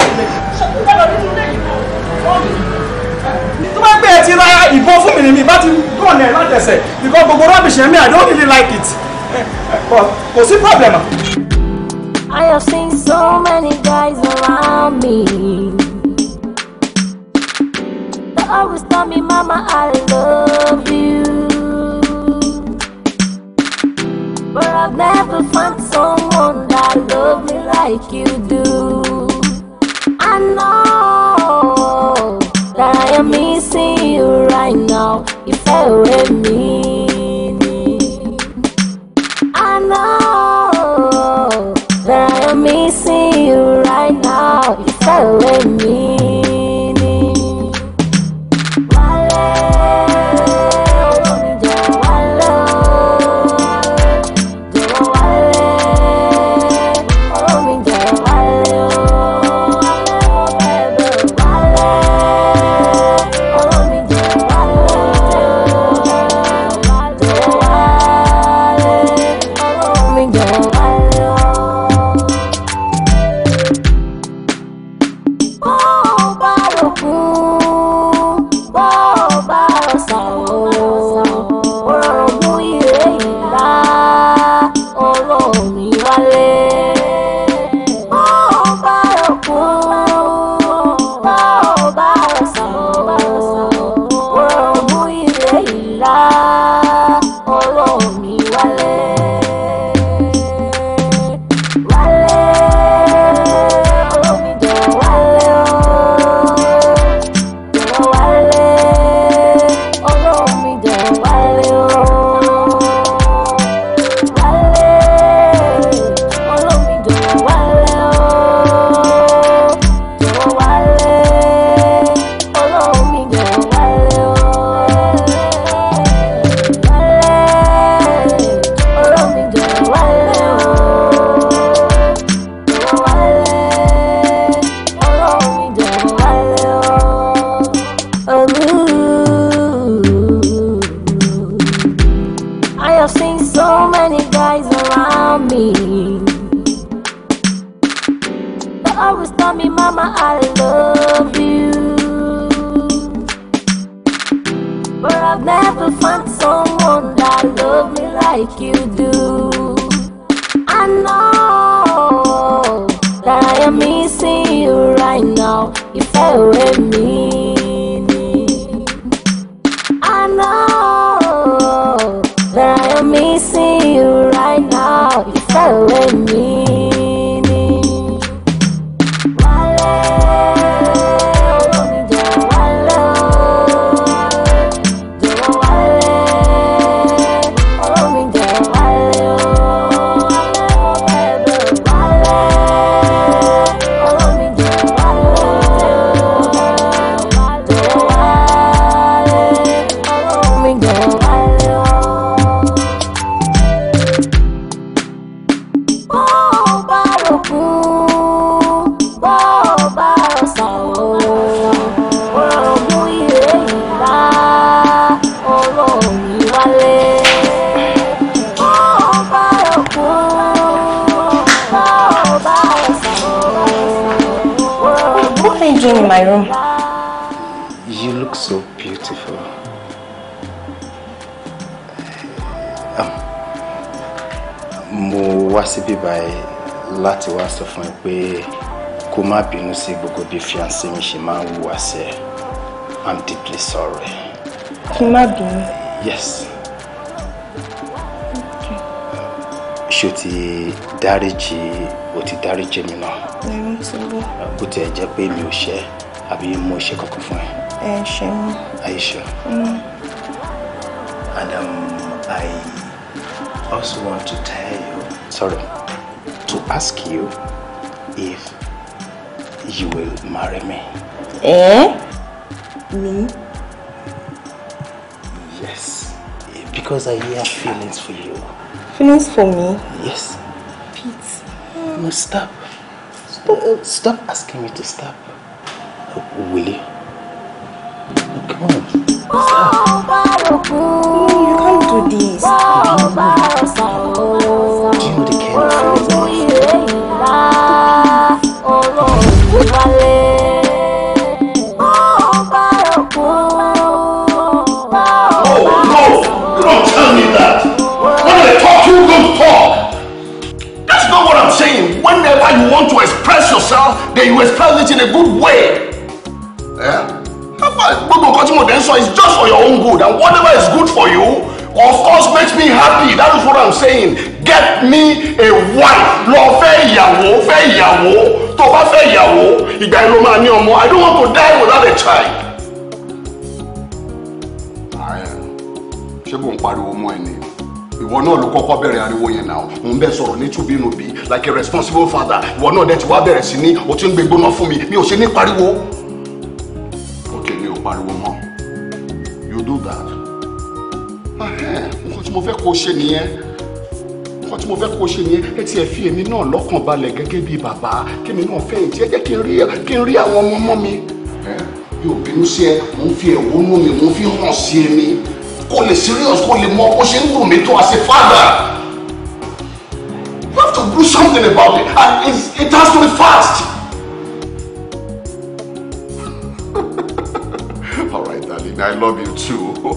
tó bá gbé ẹ ti ra ìbọn fún mi ni mi bá ti gàn ẹ látẹsẹ̀ because gbogbo rubbish yẹn I don't really like it kò sí problem. I have seen so many guys around me. They always tell me, Mama, I love you. i have never found someone that love me like you do. I know that I am missing you right now. If I were me, I know that I am missing you right now. If I love you But I've never found someone that love me like you do I know that I am missing you right now You fell with me síbí báyìí láti wá sọ fún ẹ pé kó má bínú sí gbogbo bí fiancé mi ṣe máa ń wùwà sí ẹ i'm deeply sorry. kí má bínú. yes. ṣé o ti dáríjì o ti dáríjì mi náà. ẹ ń sọ bọ́. bó tiẹ̀ jẹ́ pé mi ò ṣe àbí mo ṣe kankan fún ẹ. ẹ ṣe mí. are you sure. Um, i also want to tell you sorry, to ask you if you will marry me. Eh? Me? Yes, because I have feelings for you. Feelings for me? Yes. Pete. No, stop. Stop. stop asking me to stop. yourself then you express it in a good way. Eh? gbogbo nǹkan tí mo dẹ̀ ń sọ is just for your own good and whatever is good for you of course makes me happy that is what i'm saying get me a wife lọ fẹ́ ìyàwó fẹ́ ìyàwó tó bá fẹ́ ìyàwó ìgbà yẹn ló máa ní ọmọ i don't want to die without a child. ṣé kò ń pariwo mọ́ ẹni ìwọ náà ló kọ́kọ́ bẹ̀rẹ̀ ariwo yẹn náà mò ń bẹ sọ̀rọ̀ ní tùbínùbí like a responsible father ìwọ náà dẹ̀ ti wá bẹ̀rẹ̀ sí ní o ti ń gbégbóná fún mi mi ò ṣe ní pariwo. ok mi ò pariwo mọ́ you do that. nǹkan tí mo fẹ́ kó o ṣe nìyẹn nǹkan tí mo fẹ́ kó o ṣe nìyẹn ẹ ti ẹ̀ fi èmi náà lọ́kàn balẹ̀ gẹ́gẹ́ bíi bàbá kémi náà fẹ́ ìtì ẹ jẹ́ kí n rí àwọn ọmọ ọmọ mi. mi ò bínú sí ẹ mo ń fi ẹ̀wọ́nú mi mo ń fi hàn sí ẹni kó lè serious kó lè mọ bó ṣe ń dùn mí tó as a father you have to do something about it and it, it has to be fast. <laughs> all right darling i love you too.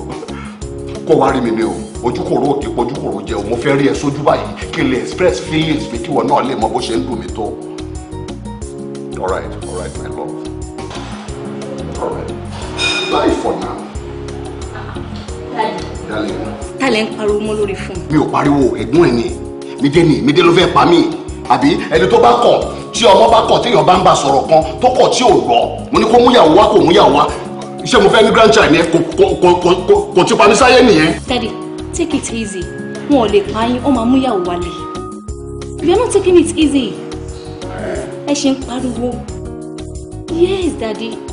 kó wá rí mi ní o ojúkòrò òkè ojúkòrò jẹ òun fẹ́ rí ẹ sójú báyìí kí n lè express feelings mi kí wọn náà lè mọ bó ṣe ń dùn mí tó. all right all right my love all right bye for now kalẹ̀ ń pariwo mọ́ lórí fún mi. mi ò pariwo ẹ̀gbọ́n ẹ̀ ni mídé ni mídé ló fẹ́ pa mí àbí ẹni tó bá kọ̀ tí ọmọ bá kọ̀ téèyàn bá ń bá sọ̀rọ̀ kan tó kọ̀ tí ò gbọ́ mo ní kó múyàwó wá kó múyàwó wá ṣé mo fẹ́ ní grandchild yẹn kò ti pa mí sáyé nìyẹn. Daddy, take it easy wọn ò lè pa yín ó máa múyàwó wálé you are not taking it easy eh. ẹ ṣe ń pariwo yes Daddy.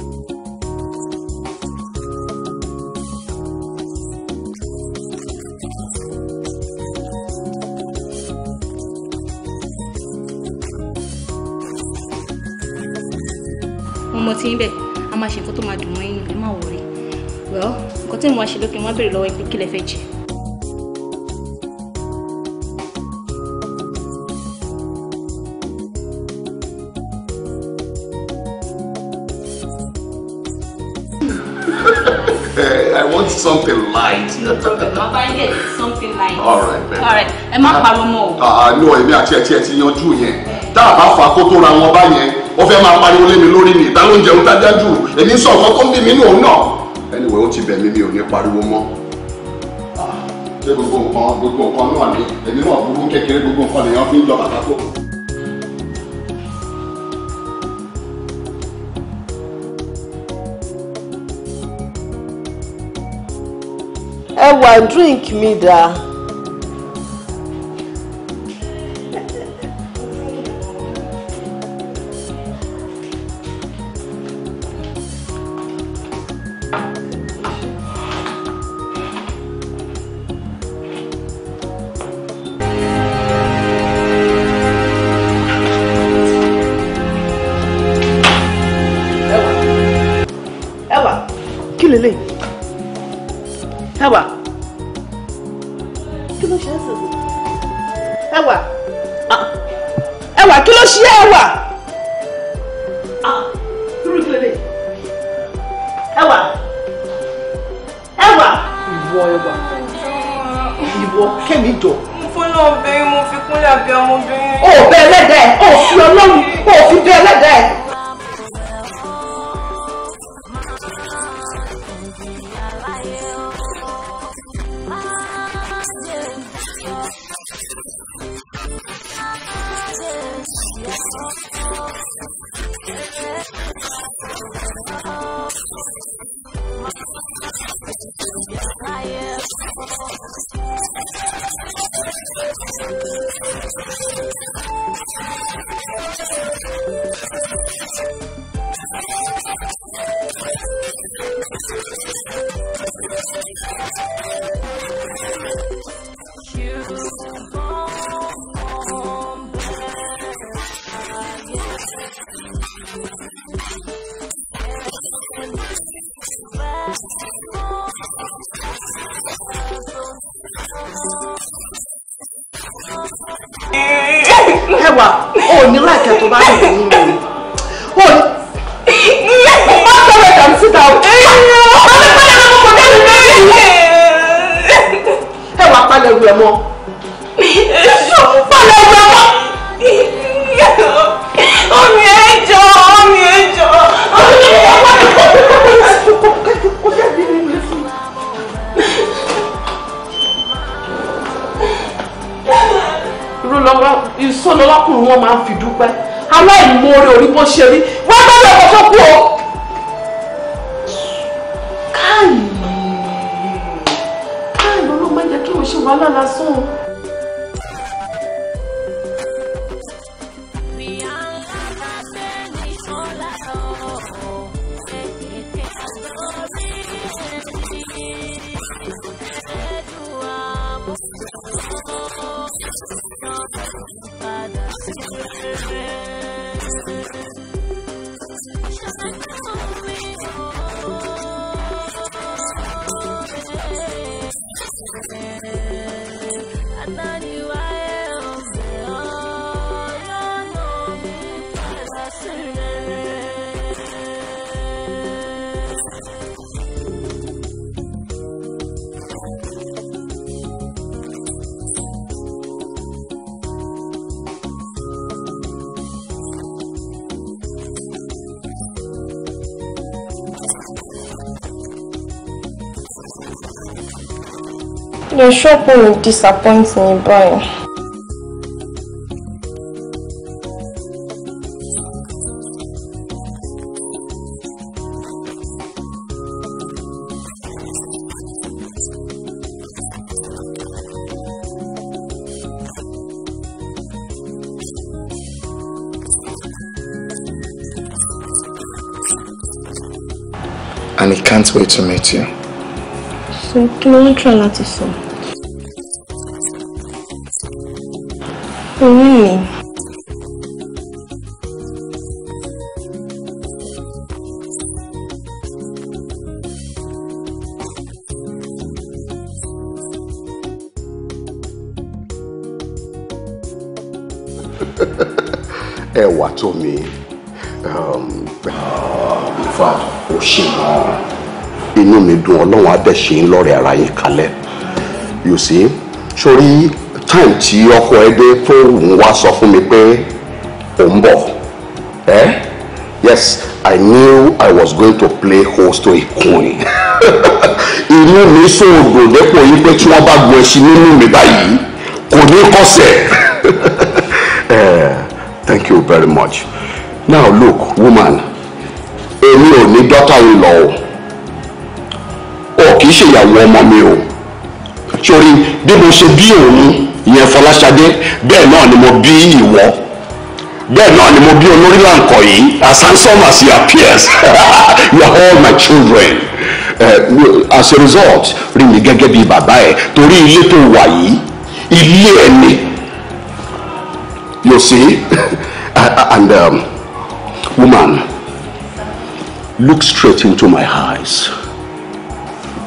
ọmọ tí ń bẹ̀ a máa ṣe nǹkan tó máa dùn mọ́ inú ẹ má wọrí well nǹkan tí mo wá ṣe lókè wọn béèrè lọ́wọ́ ẹ pé kí lẹ fẹ́ jẹ. Eh, I want something light. No problem. I'll buy it. Something light. All right, baby. All right. Ẹ má parọ́ mọ́ o. Ah, ah no, èmi àti ẹ̀ tí ẹ ti yanjú yẹn. Tá a bá fa kó tó ra wọn bá yẹn, ó fẹ́ máa pariwo lé mi lórí ni ìta ló ń jẹun tájá jù èmi sọ ọ̀kan tó ń bí mi ní òun náà anyway ó ti bẹ̀ mí mi ò ní pariwo mọ́ ah, ṣé gbogbo nǹkan gbogbo nǹkan náà ni èmi náà burú kékeré gbogbo nǹkan lèèyàn fi ń jọ bàtà ẹ wà drink mi dáa. ṣọ́ọ̀pù mi disappoint ní báyìí. And I can't wait to meet you. So, can ló try tọ́ to? sọ? sọ mi um, in fact ṣe mọ́ inú mi dùn ọlọ́run á dẹ̀ ṣe ń lọ́rẹ̀ ara yín kalẹ̀ you see sórí time tí ọkọ ẹ dé tó ń wá sọ fún mi pé ò ń bọ̀ ẹ́ yes I knew I was going to play host to a <laughs> queen inú mi sòògùn dépò yìí pé tí wọ́n bá gbọ́ ẹṣin nínú mi báyìí kò ní kọsẹ̀. <laughs> you very much now look woman èmi ò ní daughter in law o kì í ṣe ìyàwó ọmọ mi o sórí bí mo ṣe bí òun ìyẹn Fọláṣadé bẹ́ẹ̀ náà ni mo bí ìwọ bẹ́ẹ̀ náà ni mo bí olórí láǹkọ̀ yìí as handsome as he appears <laughs> you are all my children uh, as a result rí mi gẹ́gẹ́ bí bàbá ẹ̀ torí ilé tó wà yìí ilé ẹni you see. <laughs> and um, woman, look straight into my eyes.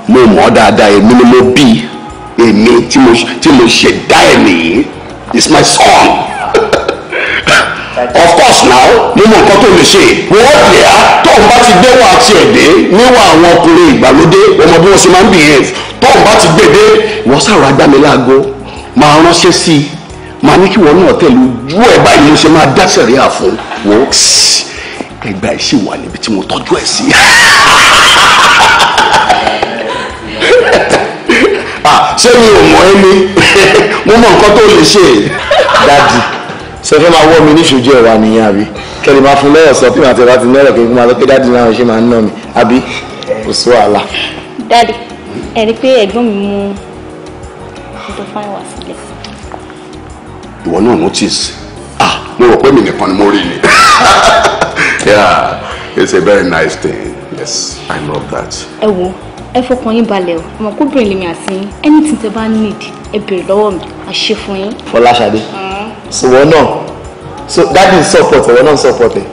Mo mọ̀ dáadáa èmi ni mo bí èmi tí mo tí mo ṣe dá èmi is my son. <laughs> of course now mo mọ nǹkan tó lè ṣe wọ́n lè á tóun bá ti gbé wàá tiẹ̀ dé níwà àwọn ọkùnrin ìgbàlódé ọmọ bí wọ́n ṣe máa ń behave tóun bá ti gbé dé wọ́n sàrọ̀ agbámiláago máa ránṣẹ́ sí i màá ní kí wọn náà tẹ̀lé ojú ẹ̀ báyìí ló ṣe máa dá sẹ̀ríà fún wọn ẹgbà ẹ̀ sì wà níbi tí mo tọ́jú ẹ̀ sí. <laughs> ṣé mi ò mọ̀ ẹ́ ni <laughs> mo mọ nǹkan tó lè ṣe. dadi ṣe fẹ́ máa wọ́ mi níṣojú ẹ̀wà nìyẹn àbí kẹ́lẹ́ máa fún lọ́yọ̀ sọ fún mi àti ẹ̀rọ àti náírà kí máa lọ pé dadi náà ṣe máa ń ná mi àbí kò sí wàhálà. dadi ẹ pé ẹ̀gbọ́n mi mú ọdún fáwọn wá sílẹ̀ ìwọ náà notice ah mo rò pé mi nìkan ni mo rí ni <laughs> yeah it's a very nice thing yes i love that. ẹ wo ẹ fọkàn yín balẹ̀ o ọmọ kóbìnrin lèmi àti yín anything tẹ bá need ẹ béèrè lọ́wọ́ mi a ṣe fún yín. fọláṣadé ṣùgbọ́n uh-huh. náà so daddy support ẹ̀ wọ́n náà support ẹ̀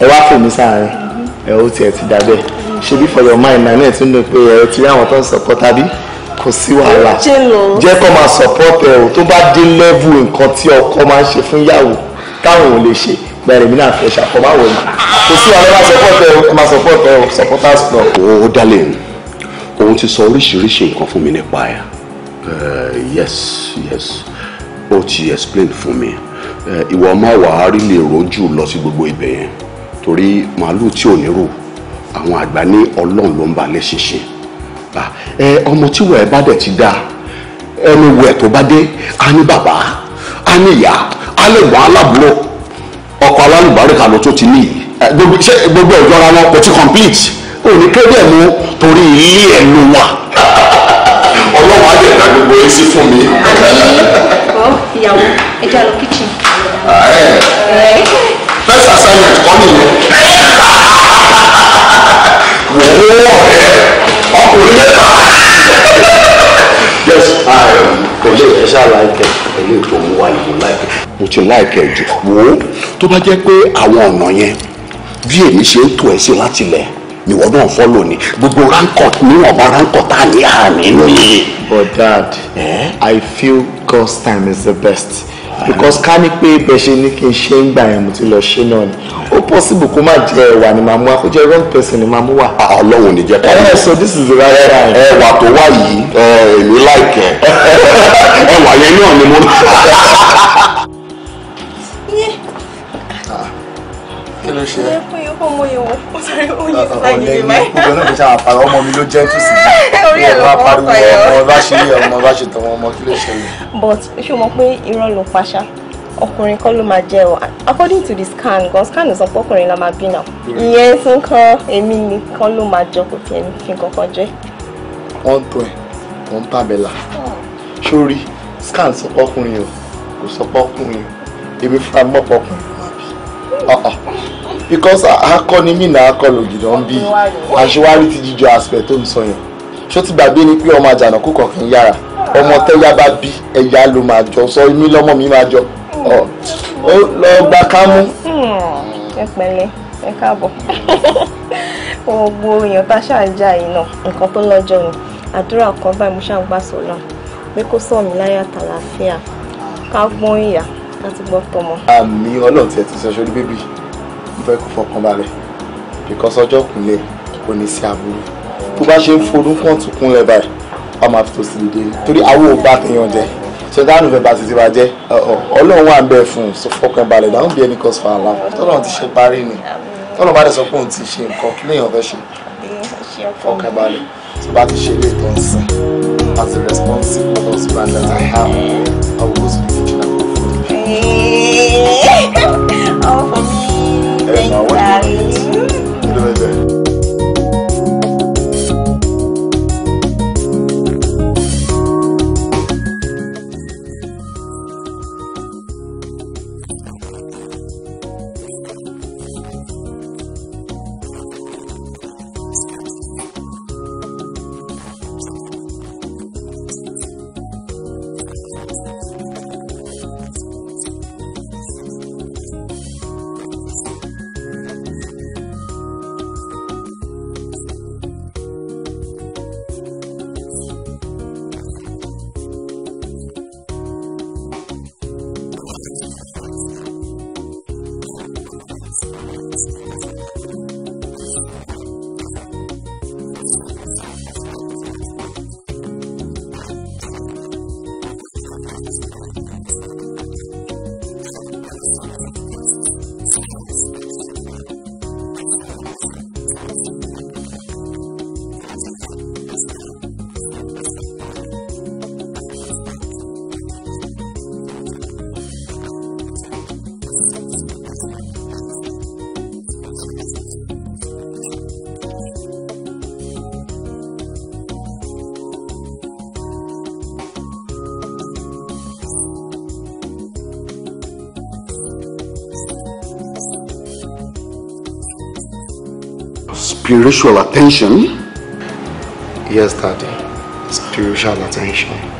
ẹ wá fèmí sáàárín mm-hmm. ẹ̀ ó tiẹ̀ ti dà bẹ́ẹ̀ ṣebí for your mind na ní ẹ̀ tún lò pé ẹ̀ ti rí àwọn tó ń support àbí kò sí wàhálà jẹ́ kó máa support ẹ o tó bá dé level nǹkan tí ọkọ máa ń ṣe fún ìyàwó táwọn ò lè ṣe bẹ̀rẹ̀ mi náà fẹ́ ṣàkóbáwò ni kò sí wàhálà máa support ẹ o máa support ẹ o supporters club. ó dálé òun ti sọ oríṣiríṣi nǹkan fún mi nípa ẹ eh, yes yes ó ti explain fún mi eh, ìwọ máa wà á rí lè rojú lọ sí gbogbo ibẹ̀ yẹn torí màálù tí ò ní rò àwọn àgbà ní ọlọ́run ló ń ba lẹ́ṣinṣin ọmọ tí wọ́n ẹ̀ bá dẹ̀ ti dáa ẹnu wẹ̀ tó bá dé a ní bàbá a ní ìyá a lè wà á lábúrò ọkọ̀ alálùbáríkà ló tó ti ní ṣé gbogbo ẹ̀jọ́ ara wọn kò ti complete ò ní kéde ẹ̀ mú torí ilé ẹ̀ ló wà. ọlọ́wọ́ á dẹ̀ ta gbogbo yín sí fún mi. ìyàwó ẹ jẹ́ àlọ́ kíchìn. first assignment kọ́ nìyẹn. wọ́n wọ̀ ẹ́ yes i pẹ̀lú ìfẹsà láìpẹ́ pẹ̀lú ètò òun wà ní mo láìpẹ́ mo ti láìpẹ́ jù wò ó tó bá jẹ́ pé àwọn ọ̀nà yẹn bí èmi ṣe ń tò ẹ́ sí láti lẹ̀ ni wọ́n náà fọ́lọ̀ ni gbogbo ránkọ̀t níwọ̀nba ránkọ̀t tá a ní àmì nù yìí. but dad eh? i feel God's time is the best because ká ní pé bẹ́ẹ̀ ní kí n ṣe ń gbà yẹn mo ti lọ ṣe náà ni ó possible kó má jẹ ẹwà ni màá mú wa kó jẹ wrong person ni màá mú wa. Ah, ọlọ́run ní jẹ́ ká ẹ eh, so this is the right eh, time. ẹwà tó wà yìí eh, èmi láìkẹ́ <laughs> ẹwà yẹn náà ni mo ní. Ah, kí ló ṣe é ọ̀lẹ́ ní gbogbo náà kò ṣe àpàrọ̀ ọmọ mi ló jẹ́ tù sí i ẹ máa pariwo ọmọ bá ṣe rí ọmọ bá ṣe tọmọ ọmọ kí ló ṣẹlẹ̀. but ṣé o mọ̀ pé irọ́ ló paṣá ọkùnrin kọ́ ló máa jẹ́ o according to the scan gan scan sọ pé ọkùnrin la máa bí náà ìyẹn tún kan èmi nìkan ló máa jọ kò tiẹ̀ ní fi kankan jẹ́. wọ́n tó ẹ̀ wọ́n tàbẹ̀là sórí scan sọ pé ọkùnrin o kò sọ pé ọkùnrin o èmi fúnra mọ́ pọ̀ ọkùnrin ah, ah because akọni mi náà akọlù gidan bí aṣíwárí ti jíjọ aspect tó ń sọ yẹn ṣó ti gbàgbé ni pé ọmọ àjànà kò kọ̀ọ̀kan yára ọmọ tẹ́yà bá bí ẹ̀yà ló máa jọ sọ èmi lọ́mọ mi máa jọ ó lọ gba kámú. ẹ pẹ̀lẹ́ ẹ káàbọ̀ <laughs> gbogbo èèyàn tá a ṣáà ń já yìí náà nǹkan tó lọ́jọ́ ni àdúrà kan báyìí mo ṣáà ń gbà sọ́lá pé kó sọ mí láyà tàlàáfíà ká gbọ́n ìyá láti gbọ́ tọmọ. àmì ọlọ́ọ̀tì ẹ̀ ti sọ sórí bébì fẹ́ kó fọkàn balẹ̀ because ọjọ́ kúnlẹ̀ kò ní sí aburú tó bá ṣe ń forún fún ọ̀tún báyìí a máa fi tòsí dìde torí àwọn ò bá jẹ ṣe dáhùn ìfẹ́ bá ti ti ọlọ́run wà ń bẹ̀ fún un so fọkàn balẹ̀ dáhùn bí ẹni kọ́ sọ àlá tọ́lọ́run ti ṣe parí ni tọ́lọ́run bá dẹ̀ sọ pé òun ti ṣe nǹkan kí lèèyàn fẹ́ ṣe fọkàn balẹ̀ tó bá ti ṣe ilé ìtàn sìn as a responsible husband I am I will spiritual attention? Yes, Daddy. Spiritual attention.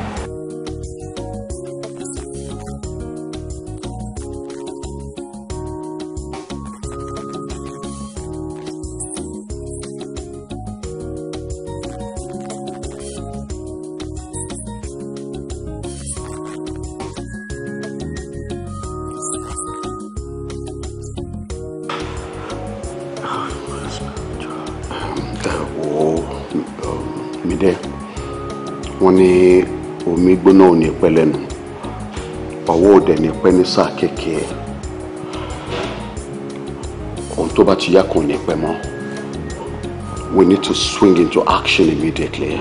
pẹ́ ní sáà kékeré ohun tó bá ti yá kò ní pẹ́ mọ́ we need to swing into action immediately.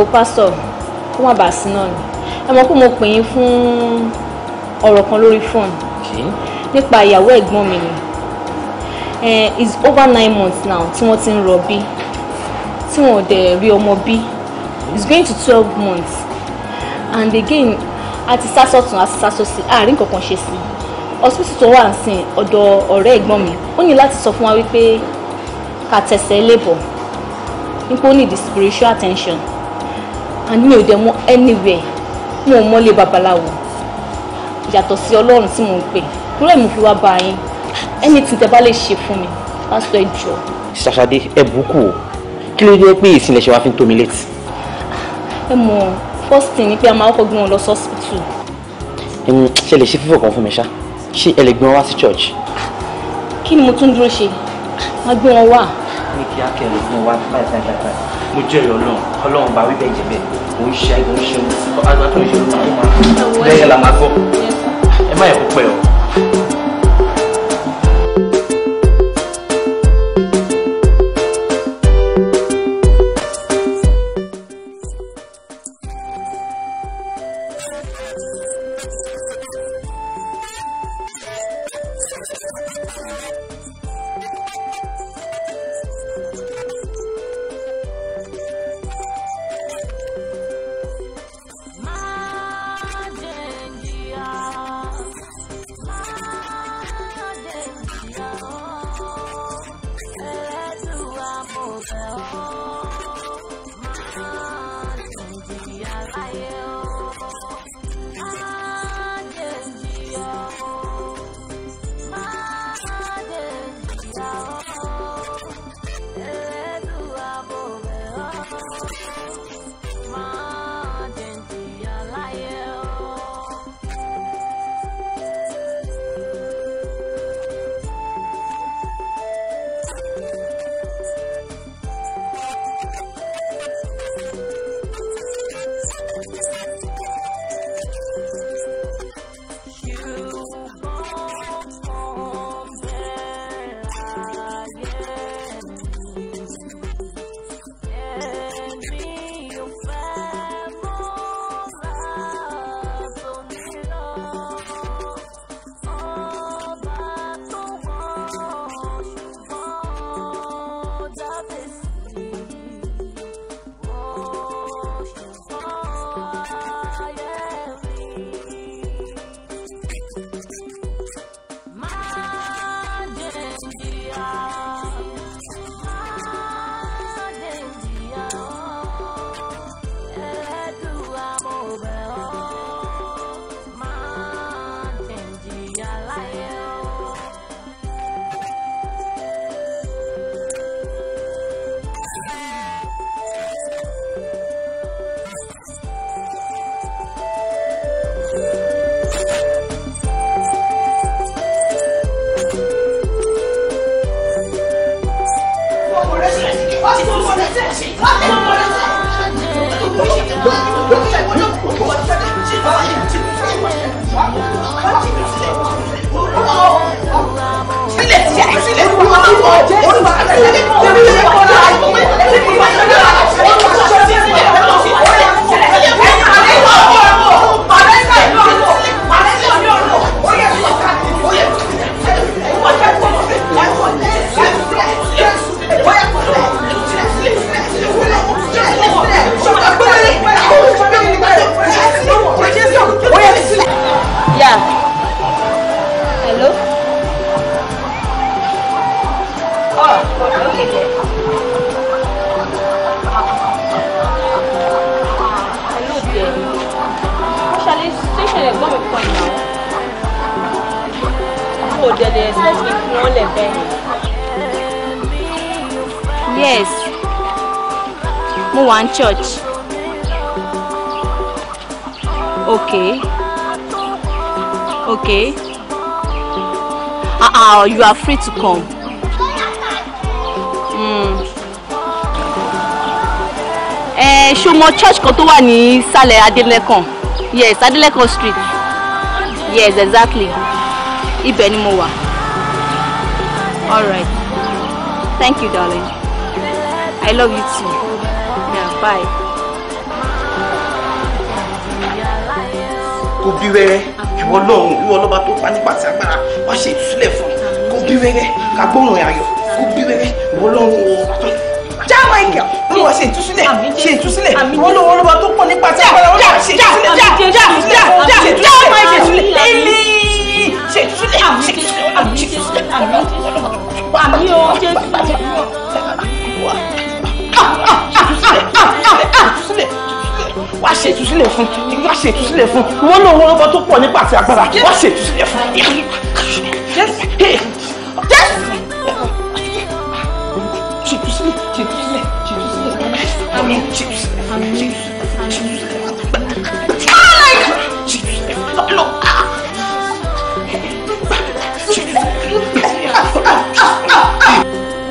wo pásítọ̀ kó má bàa sí náà ẹ mọ̀ pé mo pè yín fún ọ̀rọ̀ kan lórí fóònù nípa ìyàwó ẹ̀gbọ́n mi ni it's over nine months now tí wọ́n ti ń rọbí tí wọ́n dẹ̀ rí ọmọ bí it's going to twelve months and again a ti sá sọ́tún a ti sá sósì àárín kankan ṣe sí hospital tó wà nsìn ọ̀dọ̀ ọ̀rẹ́ ẹ̀gbọ́n mi ó ní láti sọ fún wa wípé ká tẹ̀sẹ̀ lébọ̀ nípò ní the spiritual attention and mi ò dẹ̀ mọ anywhere mo ò mọ́lé babaláwo yàtọ̀ sí ọlọ́run tí mò ń pè kúrò mi fi wá bá yín anything tẹ́ bá lè ṣe fún mi pásítọ̀ ẹ jọ. ṣàṣàdé ẹ bùkù o kí ló dé pé ìsìn lẹ fi ń tó mi létí. ẹ mọ first thing ni pé a máa kọ́ gbé wọn lọ sọ́sìpìtì. ṣe lè ṣe fífọ̀ kan fún mi ṣá ṣé ẹ lè gbé wọn wá sí church. kí ni mo tún dúró ṣe máa gbé wọn wá. ní kíákẹ́ lè gbé wọn wá báyìí báyìí mo jẹ́rìí ọlọ́run ọlọ́run bá wí bẹ́ẹ̀ jẹ́ bẹ́ẹ̀ kò ń ṣe kò ṣe ohun tí tó ń ṣe ohun máa ń lẹ́yìn la máa gbọ́ ẹ má yẹ kó pẹ́ o. now you are free to come. ẹ hmm. eh, ṣo mọ church kan tó wà ní sàlẹ̀ Adélẹ́kàn yes Adélẹ́kàn street yes exactly ibẹ̀ ni mo wà alright thank you darling I love you too yeah, bye. kò bí wẹ́rẹ́ ìwọ lọ́hùn ìwọ lọ́ba tó pa nípa ti agbára wá ṣe ìtúsílẹ̀ fún bí wẹ́rẹ́ ká gbóhùn ayọ̀ kó bí wẹ́rẹ́ wọ́n lọ́wọ́ wọn jáwọ́ ìkẹ́ wọ́n wọ́n ṣe ìtúsílẹ̀ ṣe ìtúsílẹ̀ wọ́n lọ́wọ́ lọ́wọ́ tó pọ̀ nípa tí wọ́n lọ́wọ́ ṣe ìtúsílẹ̀ ṣe ìtúsílẹ̀ ṣe ìtúsílẹ̀ ṣe ìtúsílẹ̀ ilé ṣe ìtúsílẹ̀ ṣe ìtúsílẹ̀ àmì o ṣe ìtúsílẹ̀ wá ṣe ìtúsílẹ̀ fún wá ṣe ìtúsílẹ̀ fún wọ́n lọ́wọ́ lọ́wọ́ tó pọ̀ nípa tí agbára wá ṣe ìtúsílẹ̀ fún. Jésù. Jésù sílẹ̀ Jésù sílẹ̀ Jésù sílẹ̀ àmín Jésù sílẹ̀ àmín Jésù sílẹ̀ àmín.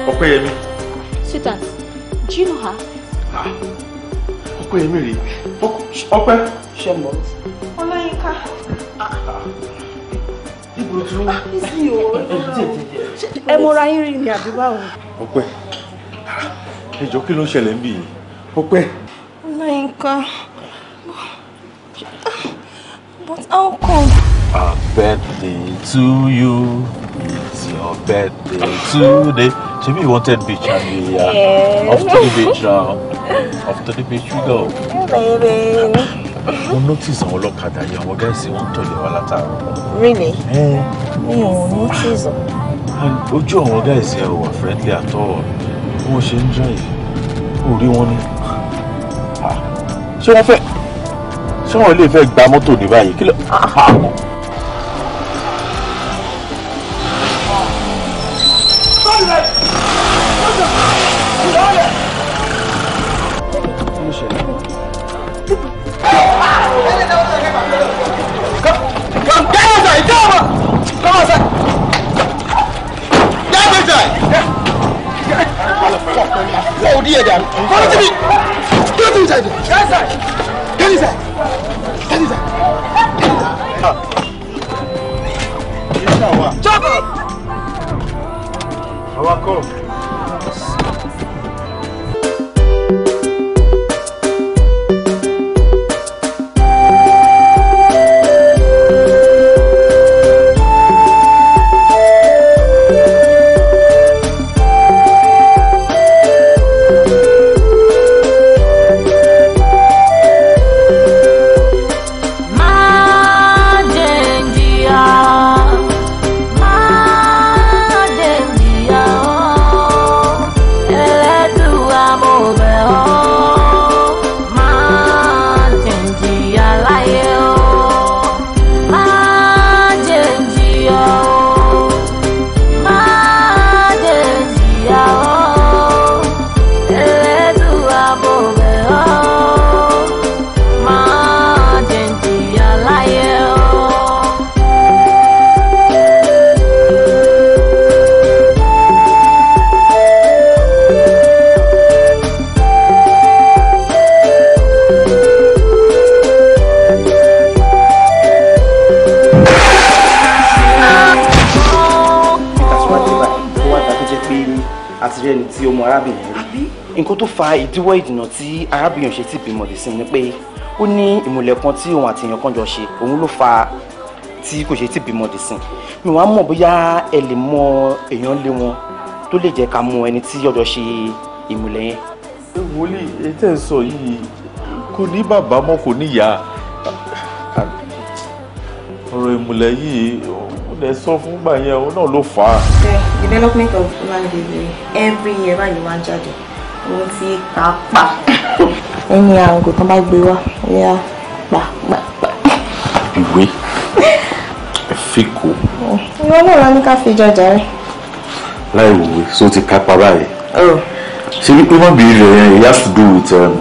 Ọpẹ́yẹmí. Sweetheart, do you know her? Ah, Ọpẹ́yẹmí rèé. Ọpẹ́. Ṣé mo. Ọláyínká. Ah ah ẹ mo ra yín rí ni àbí báwo. ọpẹ́ ẹjọ kí ló ṣẹlẹ̀ ń bì yìí ọpẹ́. Nǹkan but how come. A birthday to you. It's your birthday today. Jimmy wanted beach and we are off to the beach now. Off to the beach we go. Hey, baby mo notice àwọn ọlọ́kadà yìí àwọn gáàsì wọn tọ̀lé wa látàárọ̀. really mi ò notice o. ojú àwọn gáàsì ẹ wà friendly at all bí wọ́n ṣe ń já yìí kò rí wọn ni. Ah, ṣé wọ́n fẹ́ ṣé wọ́n lè fẹ́ gba mọ́tò ní báyìí kí ló. Ah, ah. orí ẹ̀ dàrú. kọ́lá tí mi kọ́lá tí mi sàìdì. kẹ́lí sà kẹ́lí sà. jọ́bù. àwa kọ́. nǹkan tó fa ìdíwọ́ ìdènà tí arábìnrin ṣe ti bímọ dì sí ni pé ó ní ìmùlẹ̀ kan tí òun àti èèyàn kan jọ ṣe òun ló fa tí kò ṣe ti bímọ dì sí mi wàá mọ̀ bóyá ẹ lè mọ èèyàn lé wọn tó lè jẹ́ ká mọ ẹni tí yọjọ ṣe ìmùlẹ̀ yẹn. wòlíì ètò ẹ̀ sọ yìí kò ní bàbá mọ́ kò ní ìyá ọ̀rọ̀ ìmùlẹ̀ yìí lè sọ fún gbà yẹn òun náà ló fà á. the development of human behavior every year báyìí máa jáde mo ti ta pa. <laughs> ẹni àǹgò tán bá gbé wá yá pàpàpà. ìwé ẹ fi ìwọ náà lọ ká fi jọjà rẹ. láì wòwe so ti ká báyìí. ṣé wípé wọn bí rẹ it has to do with um,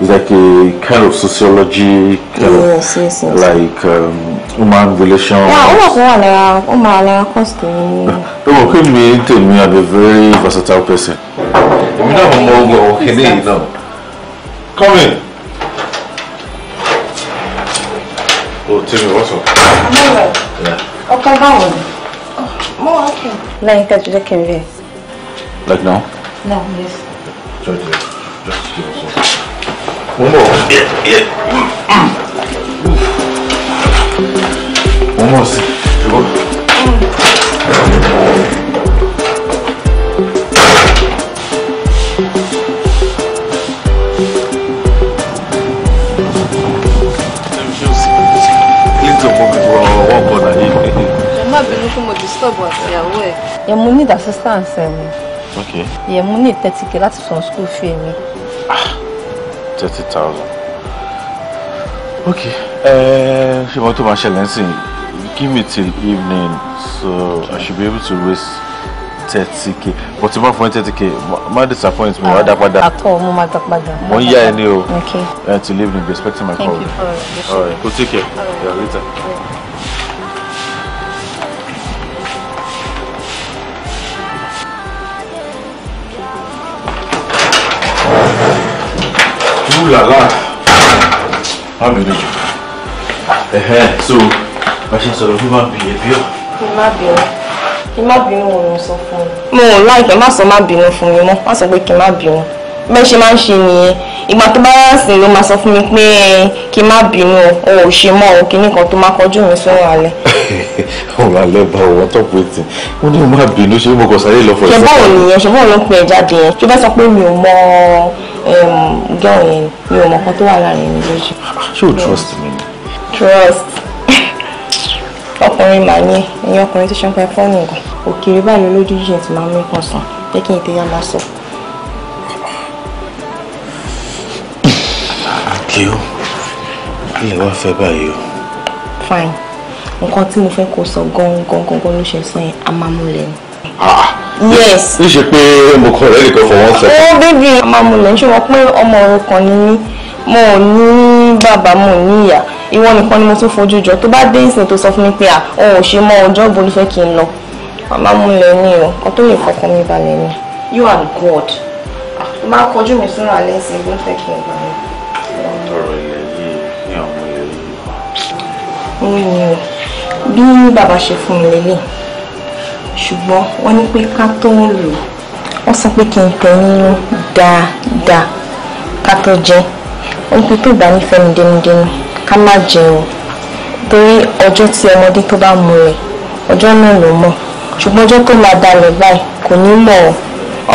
it's like a kind of sociology kind of yes, yes, like um, human relation. Yeah, ó mọ̀ pé wà lára ó mọ̀ lára cost. <laughs> ó mọ̀ pé mi tèmi i'm a very versatile person èmi náà mo mọ ogun ọ̀wọ́ kéde yìí náà. come in. o ti mi wọ́sọ̀. ọkọ báwo ni mo wá kí. lẹ́yìn tẹ́jú jẹ́ kí n rí ẹ. like now. No, yes. just just give us one. mo ń bọ̀ wọ́n. mo ń bọ̀ pé mo disturb àtìyàwó ẹ̀. yẹ mo need assistance ẹ mi. ok. yẹ mo need thirty k láti san school fee me. ah thirty thousand. Uh, if you want to ṣẹlẹ̀ sí i give me till evening so okay. i should be able to raise thirty k but if mo fún ẹ k má disappoint me wà á dá ah, padà. àtọ mo máa dá padà. mo ń yá ẹ ní o. ok. Uh, till evening be expecting my call. thank you for the time. all right go take care. right yeah, later. Yeah. làlá má mi lè jù so bá ṣe sọ̀rọ̀ fún má bìyẹ bí ọ. má bìyẹ kí má bínú wọn ló sọ fún mi. mo ò láìpẹ́ má sọ má bínú fún mi mọ́ má sọ pé kí má bínú bẹ́ẹ̀ ṣe máa ń ṣe nìyẹn ìgbà tó bá yá sí ló máa sọ fún mi pé kí má bínú o ò ṣe mọ́ o kìíní kan tó máa kọjú mi sóhun alẹ́. <laughs> ọ̀rọ̀ alẹ́ bá wọn tó pé tí wọ́n ní má bínú ṣé mo kàn sáré lọ fọ̀ ẹ́ sọ́kàn. ṣe báwo nìyẹn ṣe báwo ló ń pè é jáde yẹn ṣé bá sọ pé mi ò mọ Um, girl yẹn mi ò mọ̀ kan tó wà láàrin mi trust me. trust ọkùnrin màá ní ẹ̀yin ọkùnrin tó ṣe ń pẹ́ fọ́ọ̀nù gan òkèèrè báyìí olójú yìí ti máa ń mú nǹkan sàn jẹ́ kí n tẹ́yà máa sọ. àbí o ilé fẹ́ báyìí o. fine nǹkan tí mo fẹ́ kó sọ gan-an gan-an ló ṣe sọ yẹn a máa yes. ní ṣe pé mo kọ ọ̀rẹ́ nìkan fọwọ́ sọ. ó bébì màmá mo lè ń ṣe wọn pé ọmọ òrukàn ni mí mo ò ní bàbá mo ò ní ìyá ìwọ nìkan ni mo tún fojú jọ tó bá dé ìsìn tó sọ fún mi pé à òun ò ṣe mọ ọjọ́ ìbò ló fẹ́ kí n lọ màmá mo lè ní o kan tó lè fọkàn mi balẹ̀ ni. you are God ah, máa kọjú mi sínú alẹ́ ìsìn ló fẹ́ kí n gbà mí. ọ̀rọ̀ ilẹ̀ yìí ní àwọn ilẹ̀ yìí. bí bàbá ṣe fún mi lélẹ̀ ṣùgbọ́n wọ́n ní pé ká tó ń lò wọ́n sọ pé kí n tẹ dáadáa ká tó jẹ wọ́n pe tó bá nífẹ̀ẹ́ dénúdénú ká má jẹun torí ọjọ́ tí ọmọdé tó bá mu rẹ̀ ọjọ́ náà ló mọ̀ ṣùgbọ́n ọjọ́ tó máa dalẹ̀ báyìí kò ní mọ̀ ọ́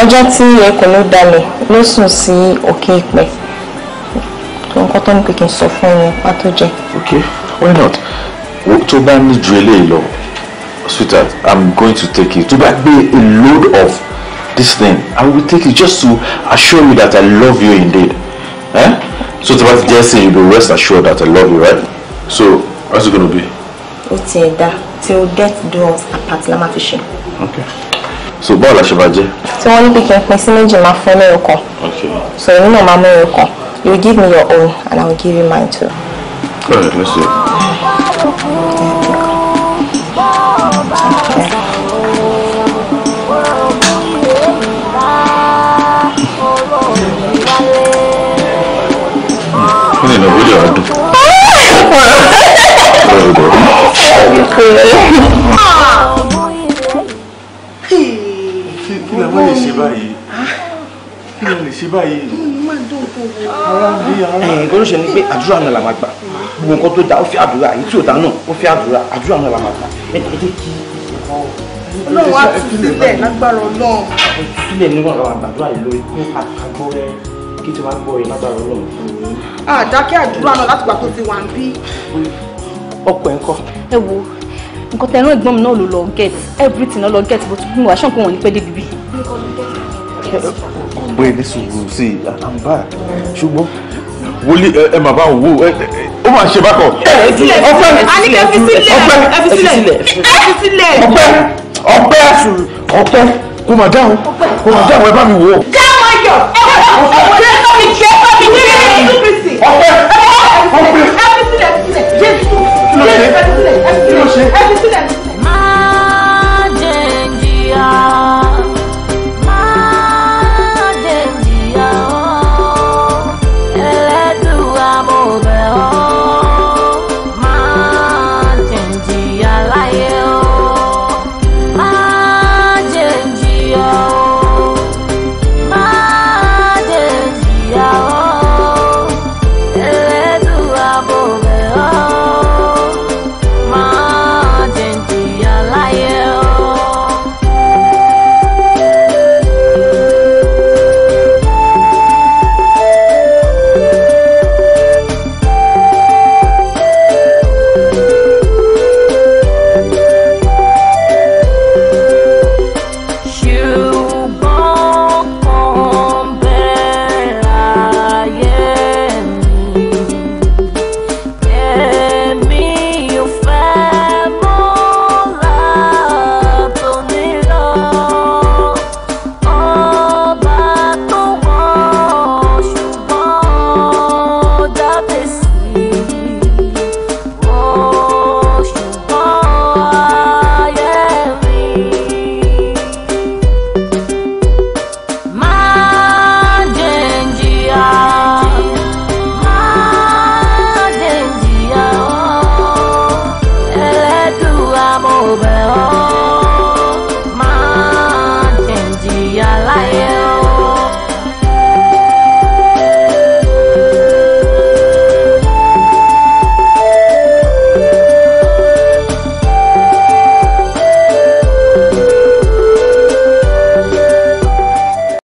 ọjọ́ tí ẹkùn ló dalẹ̀ ló sùn sí òkè ìpẹ́ nǹkan tó ní pé kí n sọ fún wọn pátó jẹ. ok why not tó bá ní ju eléyìí lọ sweetheart i'm going to take you to bá gbé a load of this thing i will take you just to assure you that i love you indeed eh? so to just say jẹ́ sí you go rest assured that i love you right so how's it gonna be. Okay, that till death do us apart la máa okay so báwo la ṣe máa jẹ́. tí wọ́n ní pé kí n so you know, máa mẹ́rin you give me your own and i will give you mine too. all right let's do ayé ọdún. kí la wọ́n lè ṣe báyìí kí la lè ṣe báyìí. ara bí ara. ẹ̀yin gbọ́dọ̀ ṣe ni pé àdúrà náà la máa gbà gbogbo nǹkan tó dáa ó fi àdúrà èyí tí ò dáa ó fi àdúrà àdúrà náà la máa gbà ẹ jẹ́ kí ọlọ́run á tún sílẹ̀ lágbára ọlọ́run. àtúntúlẹ̀ níwọ̀n làwọn àgbàdo àìlóye kó àkàgbọ́ rẹ̀ kí tí wàá gbọ́ ìlágbára ọlọ́run. àdákẹ́ àdúrà náà láti gbà tó ti wà ń bí. ọkọ ẹ̀ ń kọ́. ẹ wo nǹkan tẹ ẹran mi náà ló lọ get everything lọ get bó ti fún wa ṣọ́n ní pẹ́ débi bí. ọgbẹ́ ní sùúrù sí àǹbá ṣùgbọ́n wọlé ẹ mà bá wò ó mà ṣe bákan. ọpẹ́ àníkẹ́ fi sílẹ̀ ọpẹ́ kò mà dáhùn kò mà dáhùn ẹ bá mi wò ó. Everything that's in it.